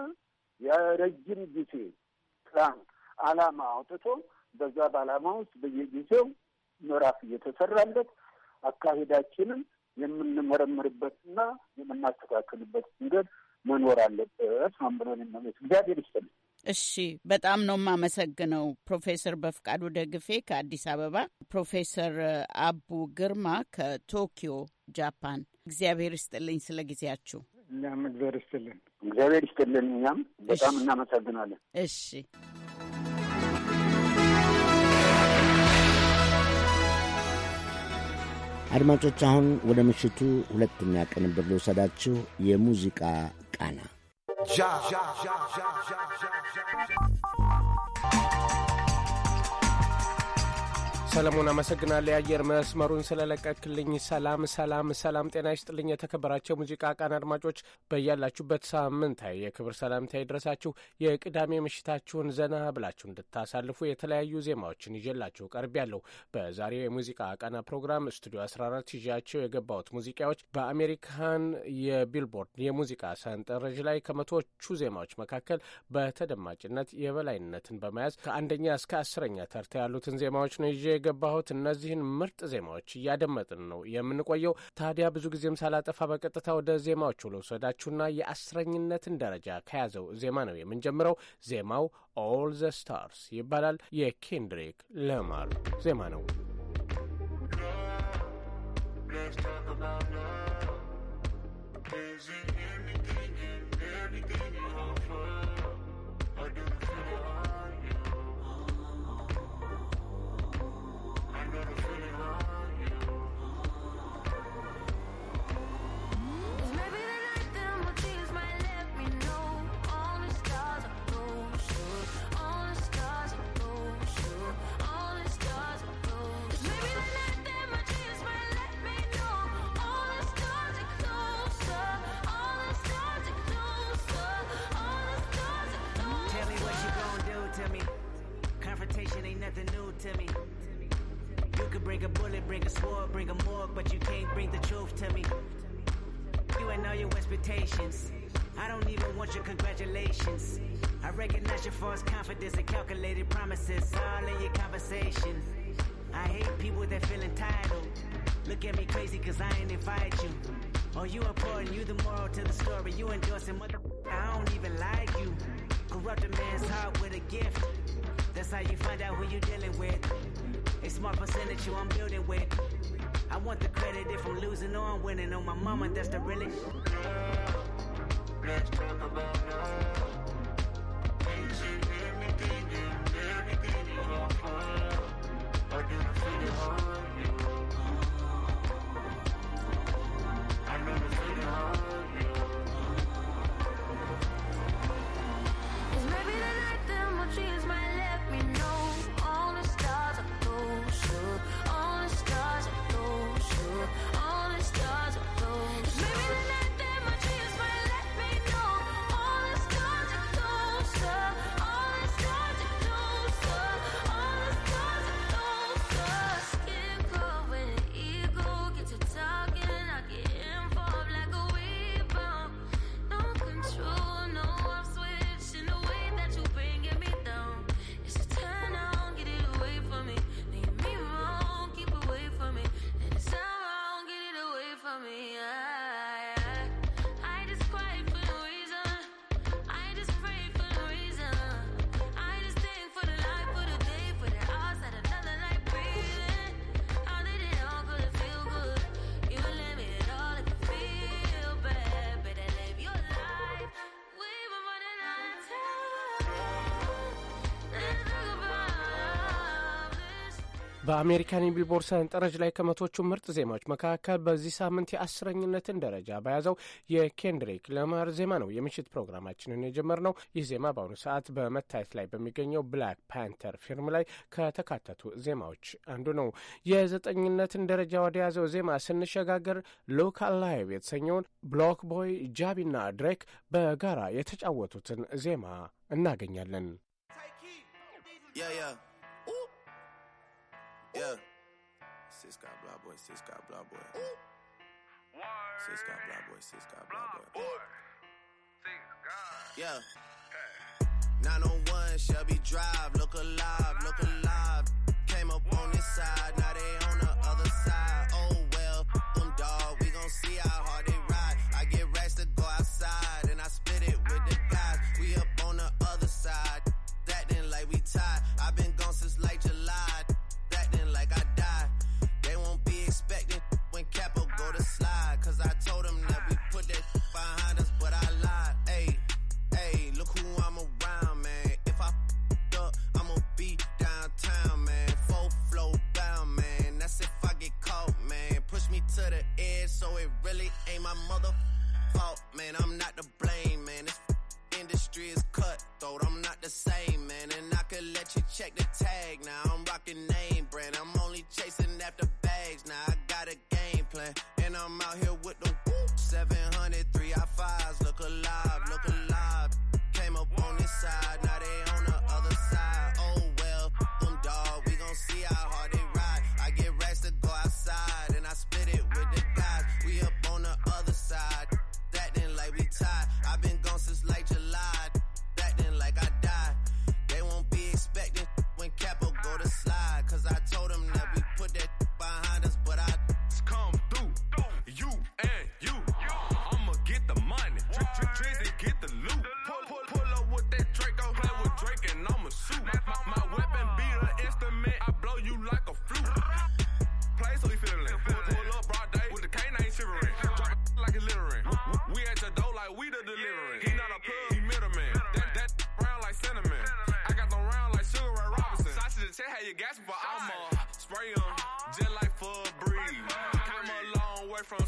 የረጅም ጊዜ ፕላን አላማ አውጥቶ በዛ በአላማ ውስጥ በየጊዜው ምዕራፍ እየተሰራለት አካሄዳችንም የምንመረምርበትና የምናስተካከልበት መንገድ መኖር አለበት ብለን መት እግዚአብሔር ይስጥልኝ። እሺ፣ በጣም ነው የማመሰግነው ፕሮፌሰር በፍቃዱ ደግፌ ከአዲስ አበባ፣ ፕሮፌሰር አቡ ግርማ ከቶኪዮ ጃፓን። እግዚአብሔር ይስጥልኝ ስለ ጊዜያችሁ። እኛም እግዚአብሔር ይስጥልን። እግዚአብሔር ይስጥልን። እኛም በጣም እናመሰግናለን። እሺ አድማጮች፣ አሁን ወደ ምሽቱ ሁለተኛ ቅንብር ልውሰዳችሁ። የሙዚቃ ቃና ሰለሞን አመሰግናለሁ የአየር መስመሩን ስለለቀቅልኝ። ሰላም ሰላም ሰላም፣ ጤና ይስጥልኝ። የተከበራቸው ሙዚቃ ቃን አድማጮች በያላችሁበት ሳምንታዊ የክብር ሰላምታ ይድረሳችሁ። የቅዳሜ ምሽታችሁን ዘና ብላችሁ እንድታሳልፉ የተለያዩ ዜማዎችን ይዤላችሁ ቀርቤያለሁ። በዛሬው የሙዚቃ ቃና ፕሮግራም ስቱዲዮ 14 ይዣቸው የገባሁት ሙዚቃዎች በአሜሪካን የቢልቦርድ የሙዚቃ ሰንጠረዥ ላይ ከመቶዎቹ ዜማዎች መካከል በተደማጭነት የበላይነትን በመያዝ ከአንደኛ እስከ አስረኛ ተርታ ያሉትን ዜማዎች ነው ይዤ የገባሁት እነዚህን ምርጥ ዜማዎች እያደመጥን ነው የምንቆየው። ታዲያ ብዙ ጊዜም ሳላጠፋ በቀጥታ ወደ ዜማዎቹ ለውሰዳችሁና የአስረኝነትን ደረጃ ከያዘው ዜማ ነው የምንጀምረው። ዜማው ኦል ዘ ስታርስ ይባላል። የኬንድሪክ ለማር ዜማ ነው። Let's talk about love. Is it bring a sword, bring a morgue, but you can't bring the truth to me. You ain't know your expectations. I don't even want your congratulations. I recognize your false confidence and calculated promises all in your conversation. I hate people that feel entitled. Look at me crazy cause I ain't invite you. Oh, you important, you the moral to the story. You endorsing mother. I don't even like you. Corrupt a man's heart with a gift. That's how you find out who you are dealing with. It's my percentage I'm building with. I want the credit if I'm losing or I'm winning. On my mama, that's the really. Let's talk about everything and everything you offer. I can feel it በአሜሪካን የቢልቦርድ ሰንጠረዥ ላይ ከመቶቹ ምርጥ ዜማዎች መካከል በዚህ ሳምንት የአስረኝነትን ደረጃ በያዘው የኬንድሪክ ለማር ዜማ ነው የምሽት ፕሮግራማችንን የጀመርነው። ይህ ዜማ በአሁኑ ሰዓት በመታየት ላይ በሚገኘው ብላክ ፓንተር ፊልም ላይ ከተካተቱ ዜማዎች አንዱ ነው። የዘጠኝነትን ደረጃ ወደ ያዘው ዜማ ስንሸጋገር ሎካል አላይቭ የተሰኘውን ብሎክ ቦይ ጃቢና ድሬክ በጋራ የተጫወቱትን ዜማ እናገኛለን። Yeah. Sis got blah boy, sis got blah boy. Sis got blah boy, sis got blah boy. Yeah. 901 Chevy.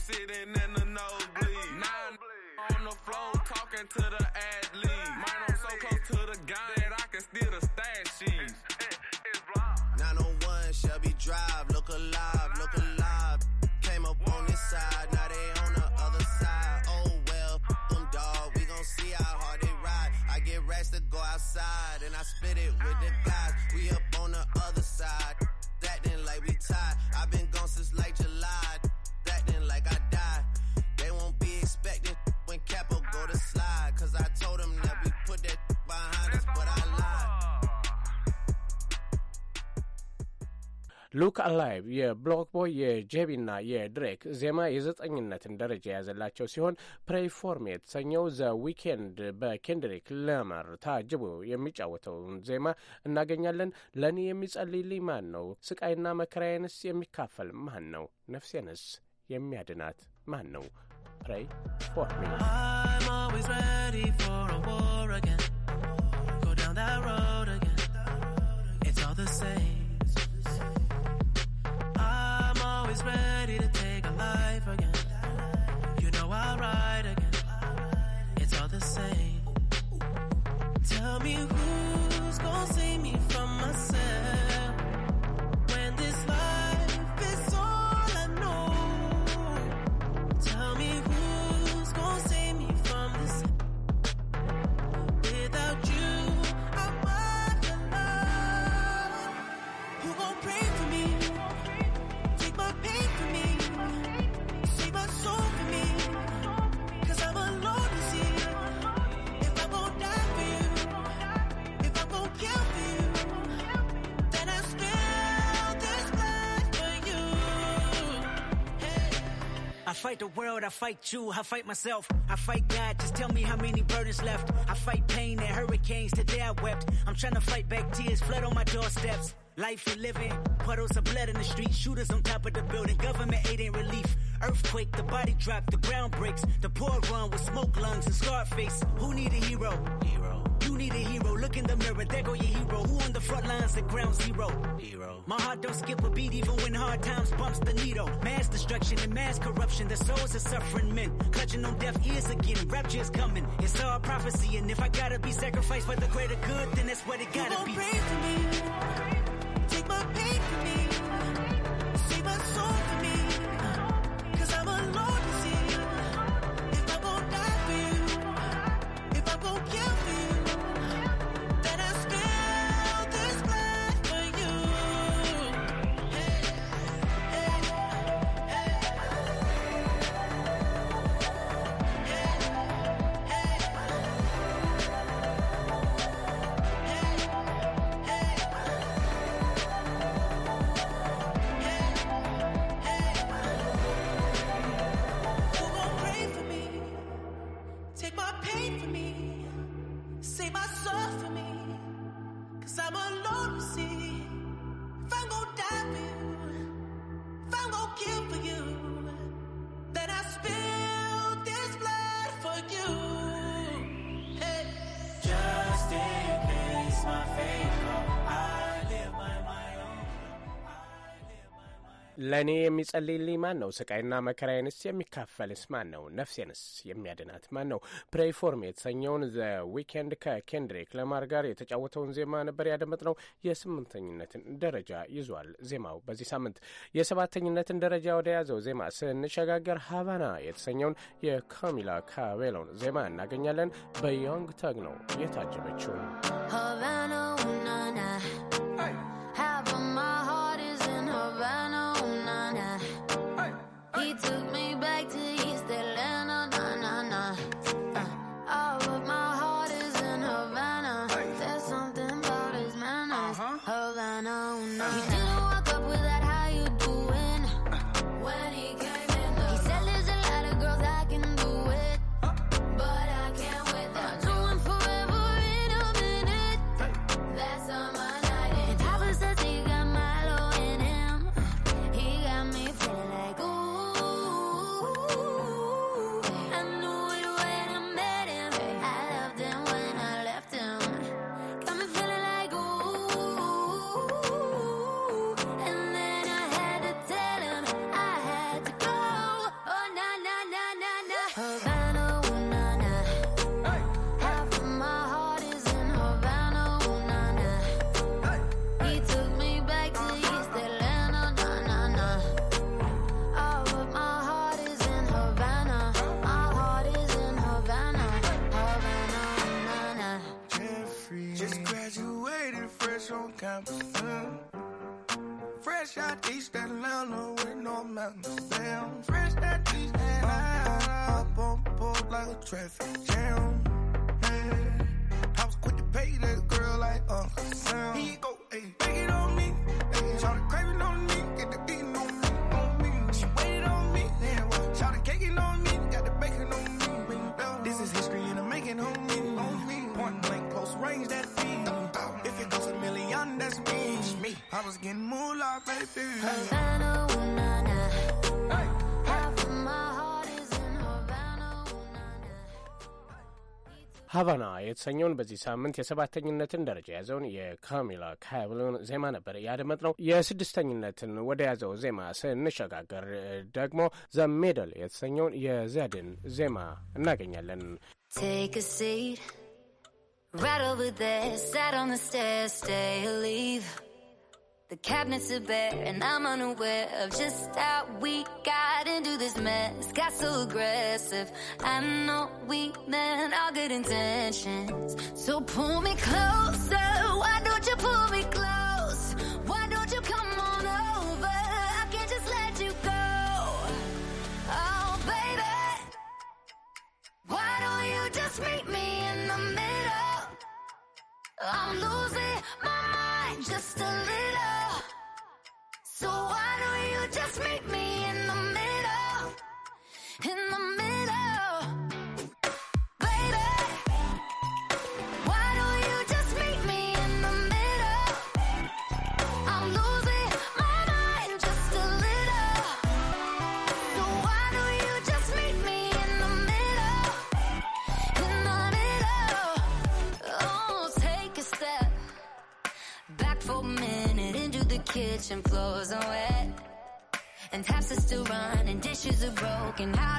sitting in the nosebleed. Nine on the floor talking to the athlete. Mine I'm so close to the guy that I can steal the Nine on one Shelby Drive, look alive, look alive. Came up on this side, now they on the other side. Oh well, them dog, we gon' see how hard they ride. I get rats to go outside, and I spit it with the guys. ሉክ አላይቭ የብላክ ቦይ የጄቢና የድሬክ ዜማ የዘጠኝነትን ደረጃ የያዘላቸው ሲሆን ፕሬይ ፎርሚ የተሰኘው ዘ ዊኬንድ በኬንድሪክ ለመር ታጅቦ የሚጫወተውን ዜማ እናገኛለን። ለእኔ የሚጸልይልኝ ማን ነው? ስቃይና መከራዬንስ የሚካፈል ማን ነው? ነፍሴንስ የሚያድናት ማን ነው? ፕሬይ ፎር the same. Tell me who's gonna save me fight the world, I fight you, I fight myself, I fight God. Just tell me how many burdens left. I fight pain and hurricanes, today I wept. I'm trying to fight back tears, flood on my doorsteps. Life for living, puddles of blood in the street, shooters on top of the building, government aid ain't relief. Earthquake, the body drop, the ground breaks. The poor run with smoke lungs and scarface. Who need a hero? Hero. You need a hero. Look in the mirror, there go your hero. Who on the front lines at ground zero? Hero. My heart don't skip a beat even when hard times bumps the needle. Mass destruction and mass corruption. The souls of suffering men. Clutching on deaf ears again. Rapture's coming. It's all prophecy. And if I gotta be sacrificed for the greater good, then that's what it gotta you won't be. me. Take my pain. ለእኔ የሚጸልይልኝ ማን ነው? ስቃይና መከራዬንስ የሚካፈልስ ማን ነው? ነፍሴንስ የሚያድናት ማን ነው? ፕሬይፎርም የተሰኘውን ዘ ዊኬንድ ከኬንድሪክ ለማር ጋር የተጫወተውን ዜማ ነበር ያደመጥነው። የስምንተኝነትን ደረጃ ይዟል ዜማው በዚህ ሳምንት። የሰባተኝነትን ደረጃ ወደ ያዘው ዜማ ስንሸጋገር ሀቫና የተሰኘውን የካሚላ ካቤሎን ዜማ እናገኛለን። በዮንግ ተግ ነው የታጀበችው። fresh out East Atlanta with no mountains. Damn, fresh out East I, Up on board like a traffic jam. ሀቫና የተሰኘውን በዚህ ሳምንት የሰባተኝነትን ደረጃ የያዘውን የካሚላ ካይብልን ዜማ ነበር ያደመጥነው። የስድስተኝነትን ወደ ያዘው ዜማ ስንሸጋገር ደግሞ ዘ ሜደል የተሰኘውን የዘድን ዜማ እናገኛለን። Right over there, sat on the stairs, stay or leave. The cabinets are bare and I'm unaware of just how we got into this mess. Got so aggressive. I know we meant all good intentions. So pull me closer. Why don't you pull me close? Why don't you come on over? I can't just let you go. Oh, baby. Why don't you just meet me in the middle? I'm losing my mind mind just a little. So why don't you just meet me in the middle? In the middle. kitchen floors are wet. And taps are still running, dishes are broken. How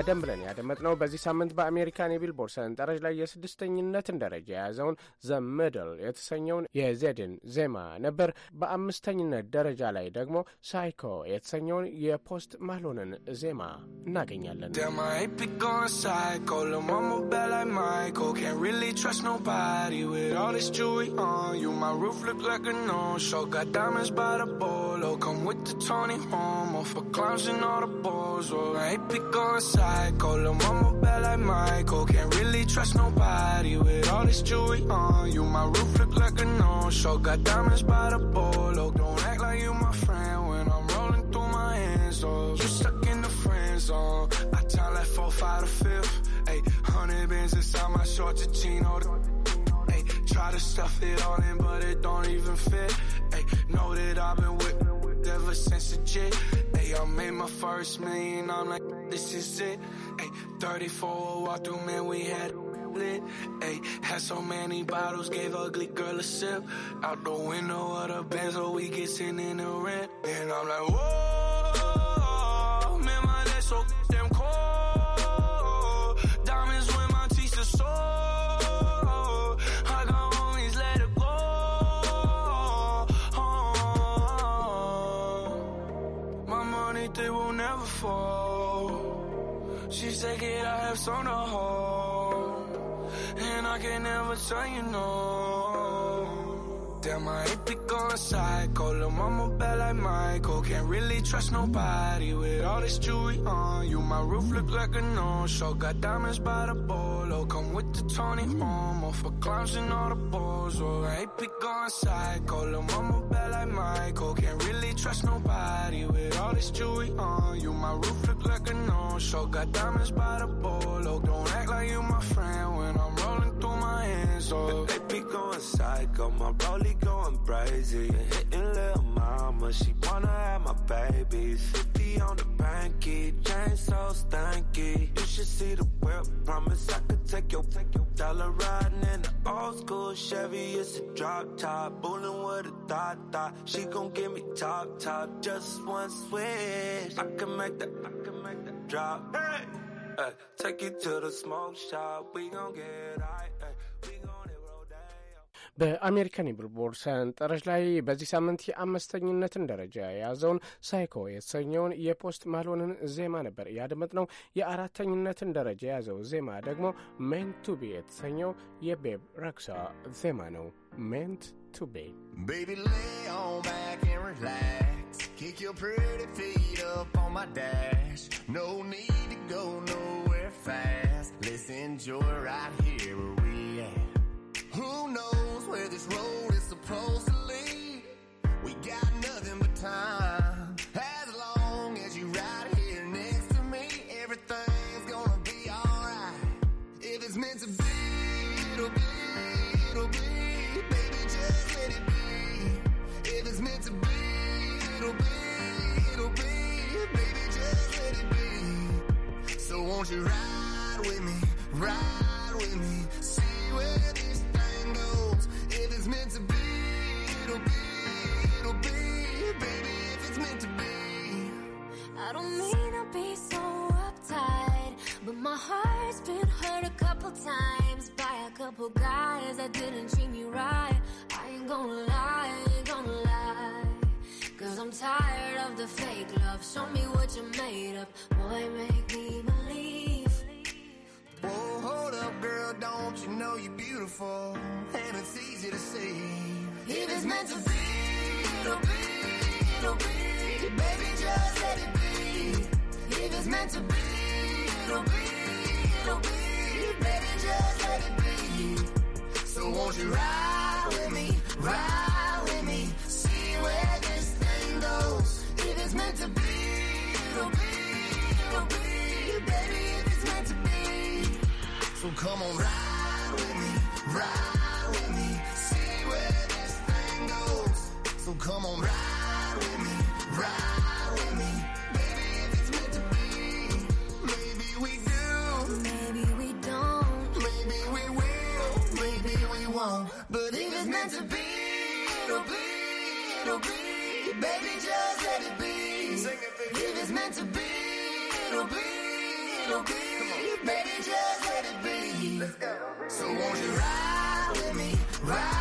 ቀደም ብለን ያደመጥነው በዚህ ሳምንት በአሜሪካን የቢልቦርድ ሰንጠረዥ ላይ የስድስተኝነትን ደረጃ የያዘውን ዘ ሚድል የተሰኘውን የዜድን ዜማ ነበር። በአምስተኝነት ደረጃ ላይ ደግሞ ሳይኮ የተሰኘውን የፖስት ማሎንን ዜማ እናገኛለን። Tony Homo for clowns and all the balls. Oh, I be going psycho. Little mama bad like Michael. Can't really trust nobody with all this jewelry on. You my roof look like a no show. Got diamonds by the bolo. Don't act like you my friend when I'm rolling through my hands. Oh, you stuck in the friend zone. I time like four, five to fifth. Hey, hundred bands inside my short a chino. try to stuff it all in, but it don't even fit. Ayy, know that I've been with up ever since the jet, ayy, I made my first million, I'm like, this is it. ayy. 34 walk through, man, we had lit. ayy. had so many bottles, gave ugly girl a sip. Out the window of the Benz, so we get sent in the rent. And I'm like, whoa, man, my neck so damn cold. Diamonds when my teeth are sore. take it, I have sown a hole, and I can never tell you no. Damn, I ain't be going psycho. Lil' mama bad like Michael. Can't really trust nobody with all this jewelry on. You, my roof look like a no-show. Got diamonds by the bolo. Come with the Tony Romo for clowns and all the balls. Oh, I ain't be going psycho. Lil' mama bad like Michael. Can't really trust nobody with all this jewelry on. You, my roof look like a no-show. Got diamonds by the bolo. Don't act like you my friend when I'm my hands off, They be going psycho, my rollie going crazy. Hitting little mama, she wanna have my babies. 50 on the banky, chain so stanky. You should see the whip, promise I could take your, take your dollar riding in the old school Chevy. It's a drop top, bullin' with a thought thought. She gon' give me top top, just one switch. I can make that, I can make that drop. Hey! Ay, በአሜሪካን የቢልቦርድ ሰንጠረዥ ላይ በዚህ ሳምንት የአምስተኝነትን ደረጃ የያዘውን ሳይኮ የተሰኘውን የፖስት ማሎንን ዜማ ነበር እያደመጥ ነው። የአራተኝነትን ደረጃ የያዘው ዜማ ደግሞ ሜንት ቱ ቢ የተሰኘው የቤብ ረክሳ ዜማ ነው። ሜንት ቱ ቢ Kick your pretty feet up on my dash. No need to go nowhere fast. Let's enjoy right here where we at. Who knows where this road is supposed to lead? We got nothing but time. Won't you ride with me, ride with me, see where this thing goes. If it's meant to be, it'll be, it'll be, baby, if it's meant to be. I don't mean to be so uptight, but my heart's been hurt a couple times by a couple guys that didn't treat me right. I ain't gonna lie. I'm tired of the fake love. Show me what you're made of. Boy, make me believe. Whoa, oh, hold up, girl. Don't you know you're beautiful? And it's easy to see. If it's meant to be, it'll be, it'll be. Baby, just let it be. If it's meant to be, it'll be, it'll be. Baby, just let it be. So won't you ride with me, ride with me? windows. If it's meant to be, it'll be, it'll be. Baby, if it's meant to be. So come on, ride with me, ride with me. See where this thing goes. So come on, ride with me, ride. let it be. If it's meant to be, it'll be, it'll be. Baby, just let it be. So won't you ride with me, ride?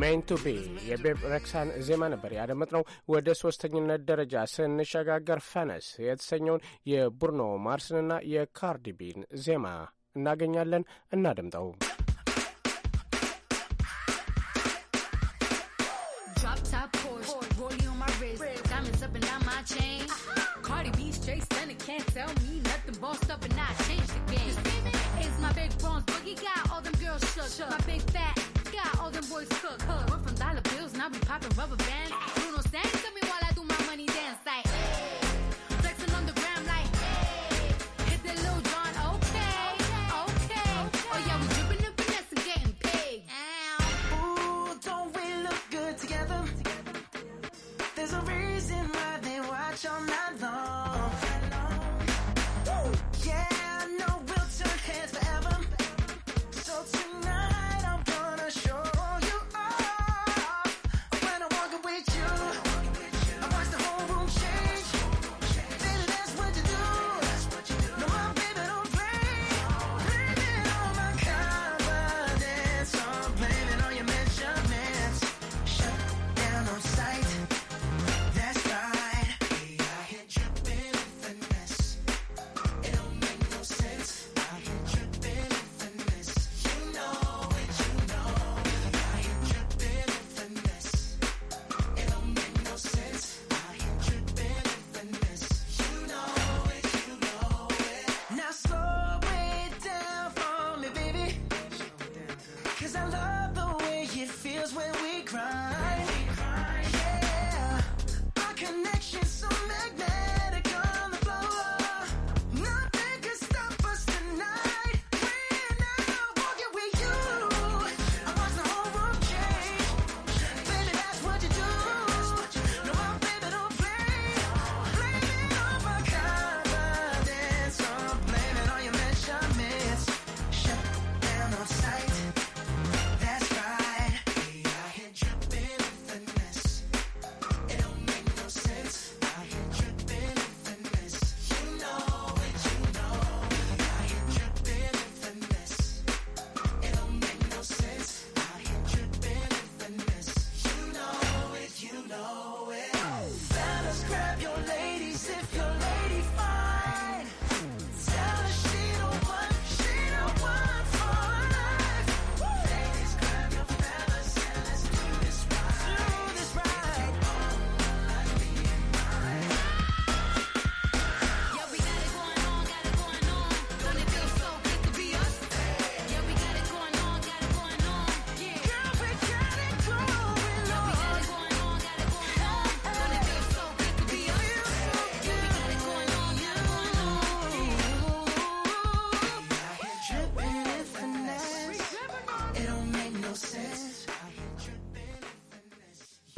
ሜን ቢ የቤብ ረክሳን ዜማ ነበር ያደመጥ ነው ወደ ሶስተኝነት ደረጃ ስንሸጋገር ፈነስ የተሰኘውን የቡርኖ ማርስንና የካርዲቢን ዜማ እናገኛለን። እናደምጠው። shook. My big fat how all them boys cook. Huh? We're from dollar bills and I be popping rubber bands.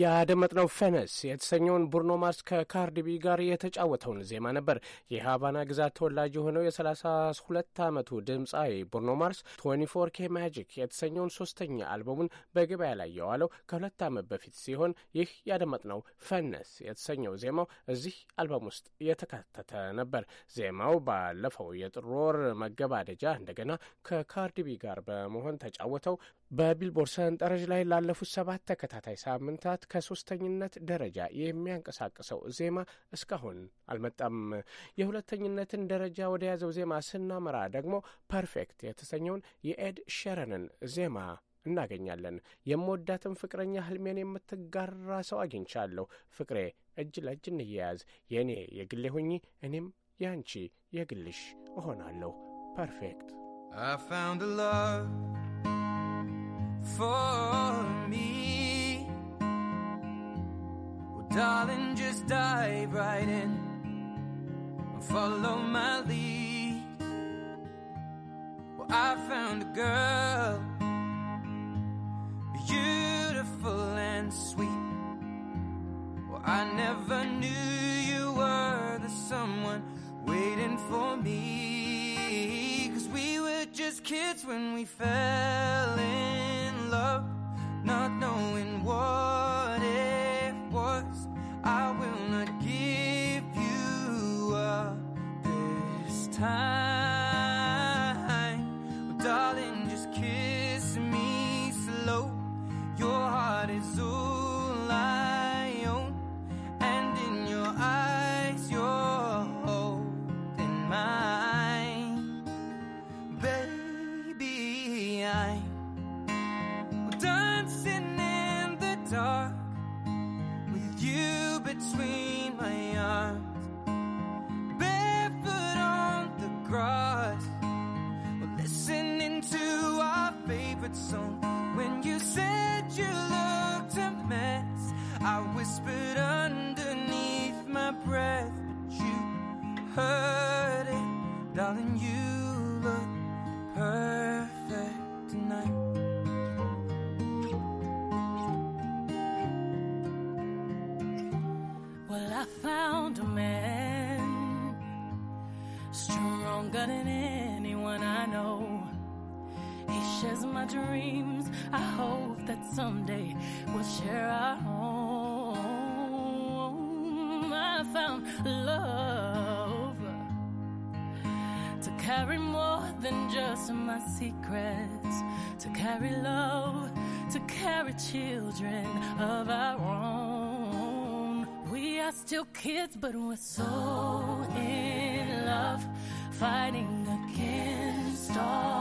ያደመጥነው ፌነስ የተሰኘውን ቡርኖ ማርስ ከካርዲቢ ጋር የተጫወተውን ዜማ ነበር። የሀቫና ግዛት ተወላጅ የሆነው የ32 ዓመቱ ድምፃዊ ቡርኖ ማርስ 24 ኬ ማጂክ የተሰኘውን ሶስተኛ አልበሙን በገበያ ላይ የዋለው ከሁለት ዓመት በፊት ሲሆን ይህ ያደመጥነው ፌነስ የተሰኘው ዜማው እዚህ አልበም ውስጥ የተካተተ ነበር። ዜማው ባለፈው የጥር ወር መገባደጃ እንደገና ከካርዲቢ ጋር በመሆን ተጫወተው በቢልቦርድ ሰንጠረዥ ላይ ላለፉት ሰባት ተከታታይ ሳምንታት ከሶስተኝነት ደረጃ የሚያንቀሳቅሰው ዜማ እስካሁን አልመጣም። የሁለተኝነትን ደረጃ ወደ ያዘው ዜማ ስናመራ ደግሞ ፐርፌክት የተሰኘውን የኤድ ሸረንን ዜማ እናገኛለን። የምወዳትን ፍቅረኛ ህልሜን የምትጋራ ሰው አግኝቻለሁ። ፍቅሬ እጅ ለእጅ እንያያዝ፣ የእኔ የግሌ ሁኚ፣ እኔም የአንቺ የግልሽ እሆናለሁ። ፐርፌክት I found a love for me. Well, darling, just dive right in and follow my lead. Well, I found a girl, beautiful and sweet. Well, I never knew you were the someone waiting for me. Cause we were just kids when we fell in. dreams. I hope that someday we'll share our home. I found love to carry more than just my secrets, to carry love, to carry children of our own. We are still kids, but we're so in love, fighting against all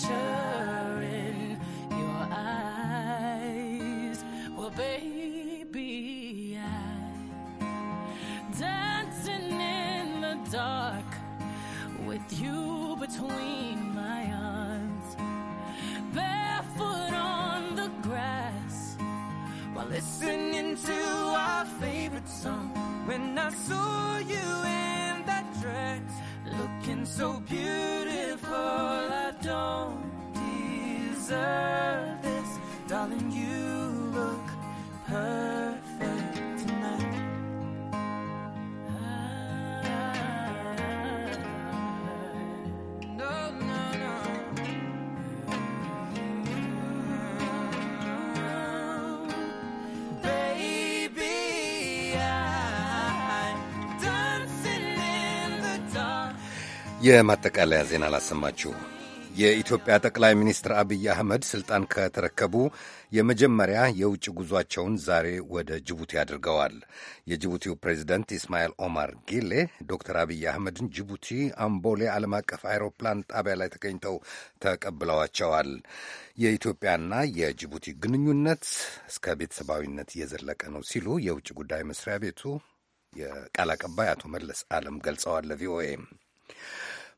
picture in your eyes. Well, baby, I dancing in the dark with you between my arms, barefoot on the grass while listening to our favorite song. When I saw you in that dress, looking so beautiful. don't deserve this, darling. You look perfect tonight. I, no, no, no. Ooh, baby, I'm dancing in the dark. የማጠቃለያ ዜና አላሰማችሁ የኢትዮጵያ ጠቅላይ ሚኒስትር አብይ አህመድ ስልጣን ከተረከቡ የመጀመሪያ የውጭ ጉዟቸውን ዛሬ ወደ ጅቡቲ አድርገዋል። የጅቡቲው ፕሬዚደንት ኢስማኤል ኦማር ጌሌ ዶክተር አብይ አህመድን ጅቡቲ አምቦሌ ዓለም አቀፍ አይሮፕላን ጣቢያ ላይ ተገኝተው ተቀብለዋቸዋል። የኢትዮጵያና የጅቡቲ ግንኙነት እስከ ቤተሰባዊነት እየዘለቀ ነው ሲሉ የውጭ ጉዳይ መስሪያ ቤቱ የቃል አቀባይ አቶ መለስ አለም ገልጸዋል ለቪኦኤ።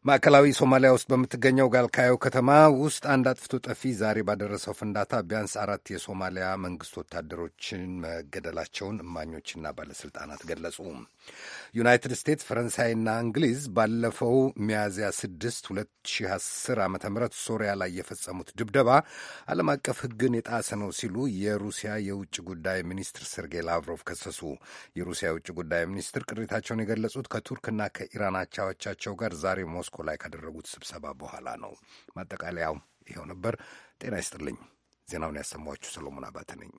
ማዕከላዊ ሶማሊያ ውስጥ በምትገኘው ጋልካዮ ከተማ ውስጥ አንድ አጥፍቶ ጠፊ ዛሬ ባደረሰው ፍንዳታ ቢያንስ አራት የሶማሊያ መንግስት ወታደሮችን መገደላቸውን እማኞችና ባለስልጣናት ገለጹ። ዩናይትድ ስቴትስ ፈረንሳይና እንግሊዝ ባለፈው ሚያዝያ 6 2010 ዓ ም ሶሪያ ላይ የፈጸሙት ድብደባ ዓለም አቀፍ ሕግን የጣሰ ነው ሲሉ የሩሲያ የውጭ ጉዳይ ሚኒስትር ሰርጌይ ላቭሮቭ ከሰሱ። የሩሲያ የውጭ ጉዳይ ሚኒስትር ቅሬታቸውን የገለጹት ከቱርክና ከኢራን አቻዎቻቸው ጋር ዛሬ ሞስኮ ላይ ካደረጉት ስብሰባ በኋላ ነው። ማጠቃለያው ይኸው ነበር። ጤና ይስጥልኝ። ዜናውን ያሰማኋችሁ ሰሎሞን አባተ ነኝ።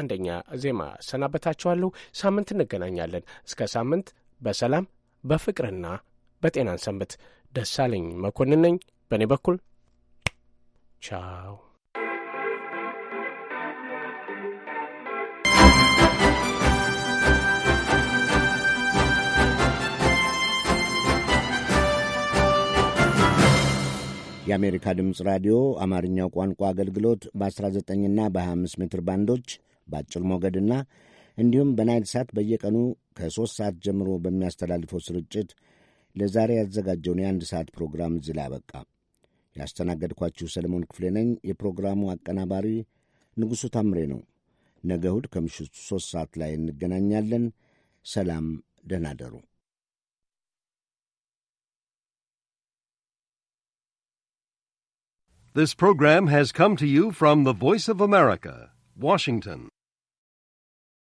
አንደኛ ዜማ ሰናበታችኋለሁ። ሳምንት እንገናኛለን። እስከ ሳምንት በሰላም በፍቅርና በጤናን ሰንብት። ደሳለኝ መኮንን ነኝ። በእኔ በኩል ቻው። የአሜሪካ ድምፅ ራዲዮ አማርኛው ቋንቋ አገልግሎት በ19ና በ25 ሜትር ባንዶች በአጭር ሞገድና እንዲሁም በናይል ሳት በየቀኑ ከሦስት ሰዓት ጀምሮ በሚያስተላልፈው ስርጭት ለዛሬ ያዘጋጀውን የአንድ ሰዓት ፕሮግራም እዚህ ላይ አበቃ። ያስተናገድኳችሁ ሰለሞን ክፍሌ ነኝ። የፕሮግራሙ አቀናባሪ ንጉሡ ታምሬ ነው። ነገ እሁድ ከምሽቱ ሦስት ሰዓት ላይ እንገናኛለን። ሰላም፣ ደህና ደሩ። This program has come to you from the Voice of America, Washington.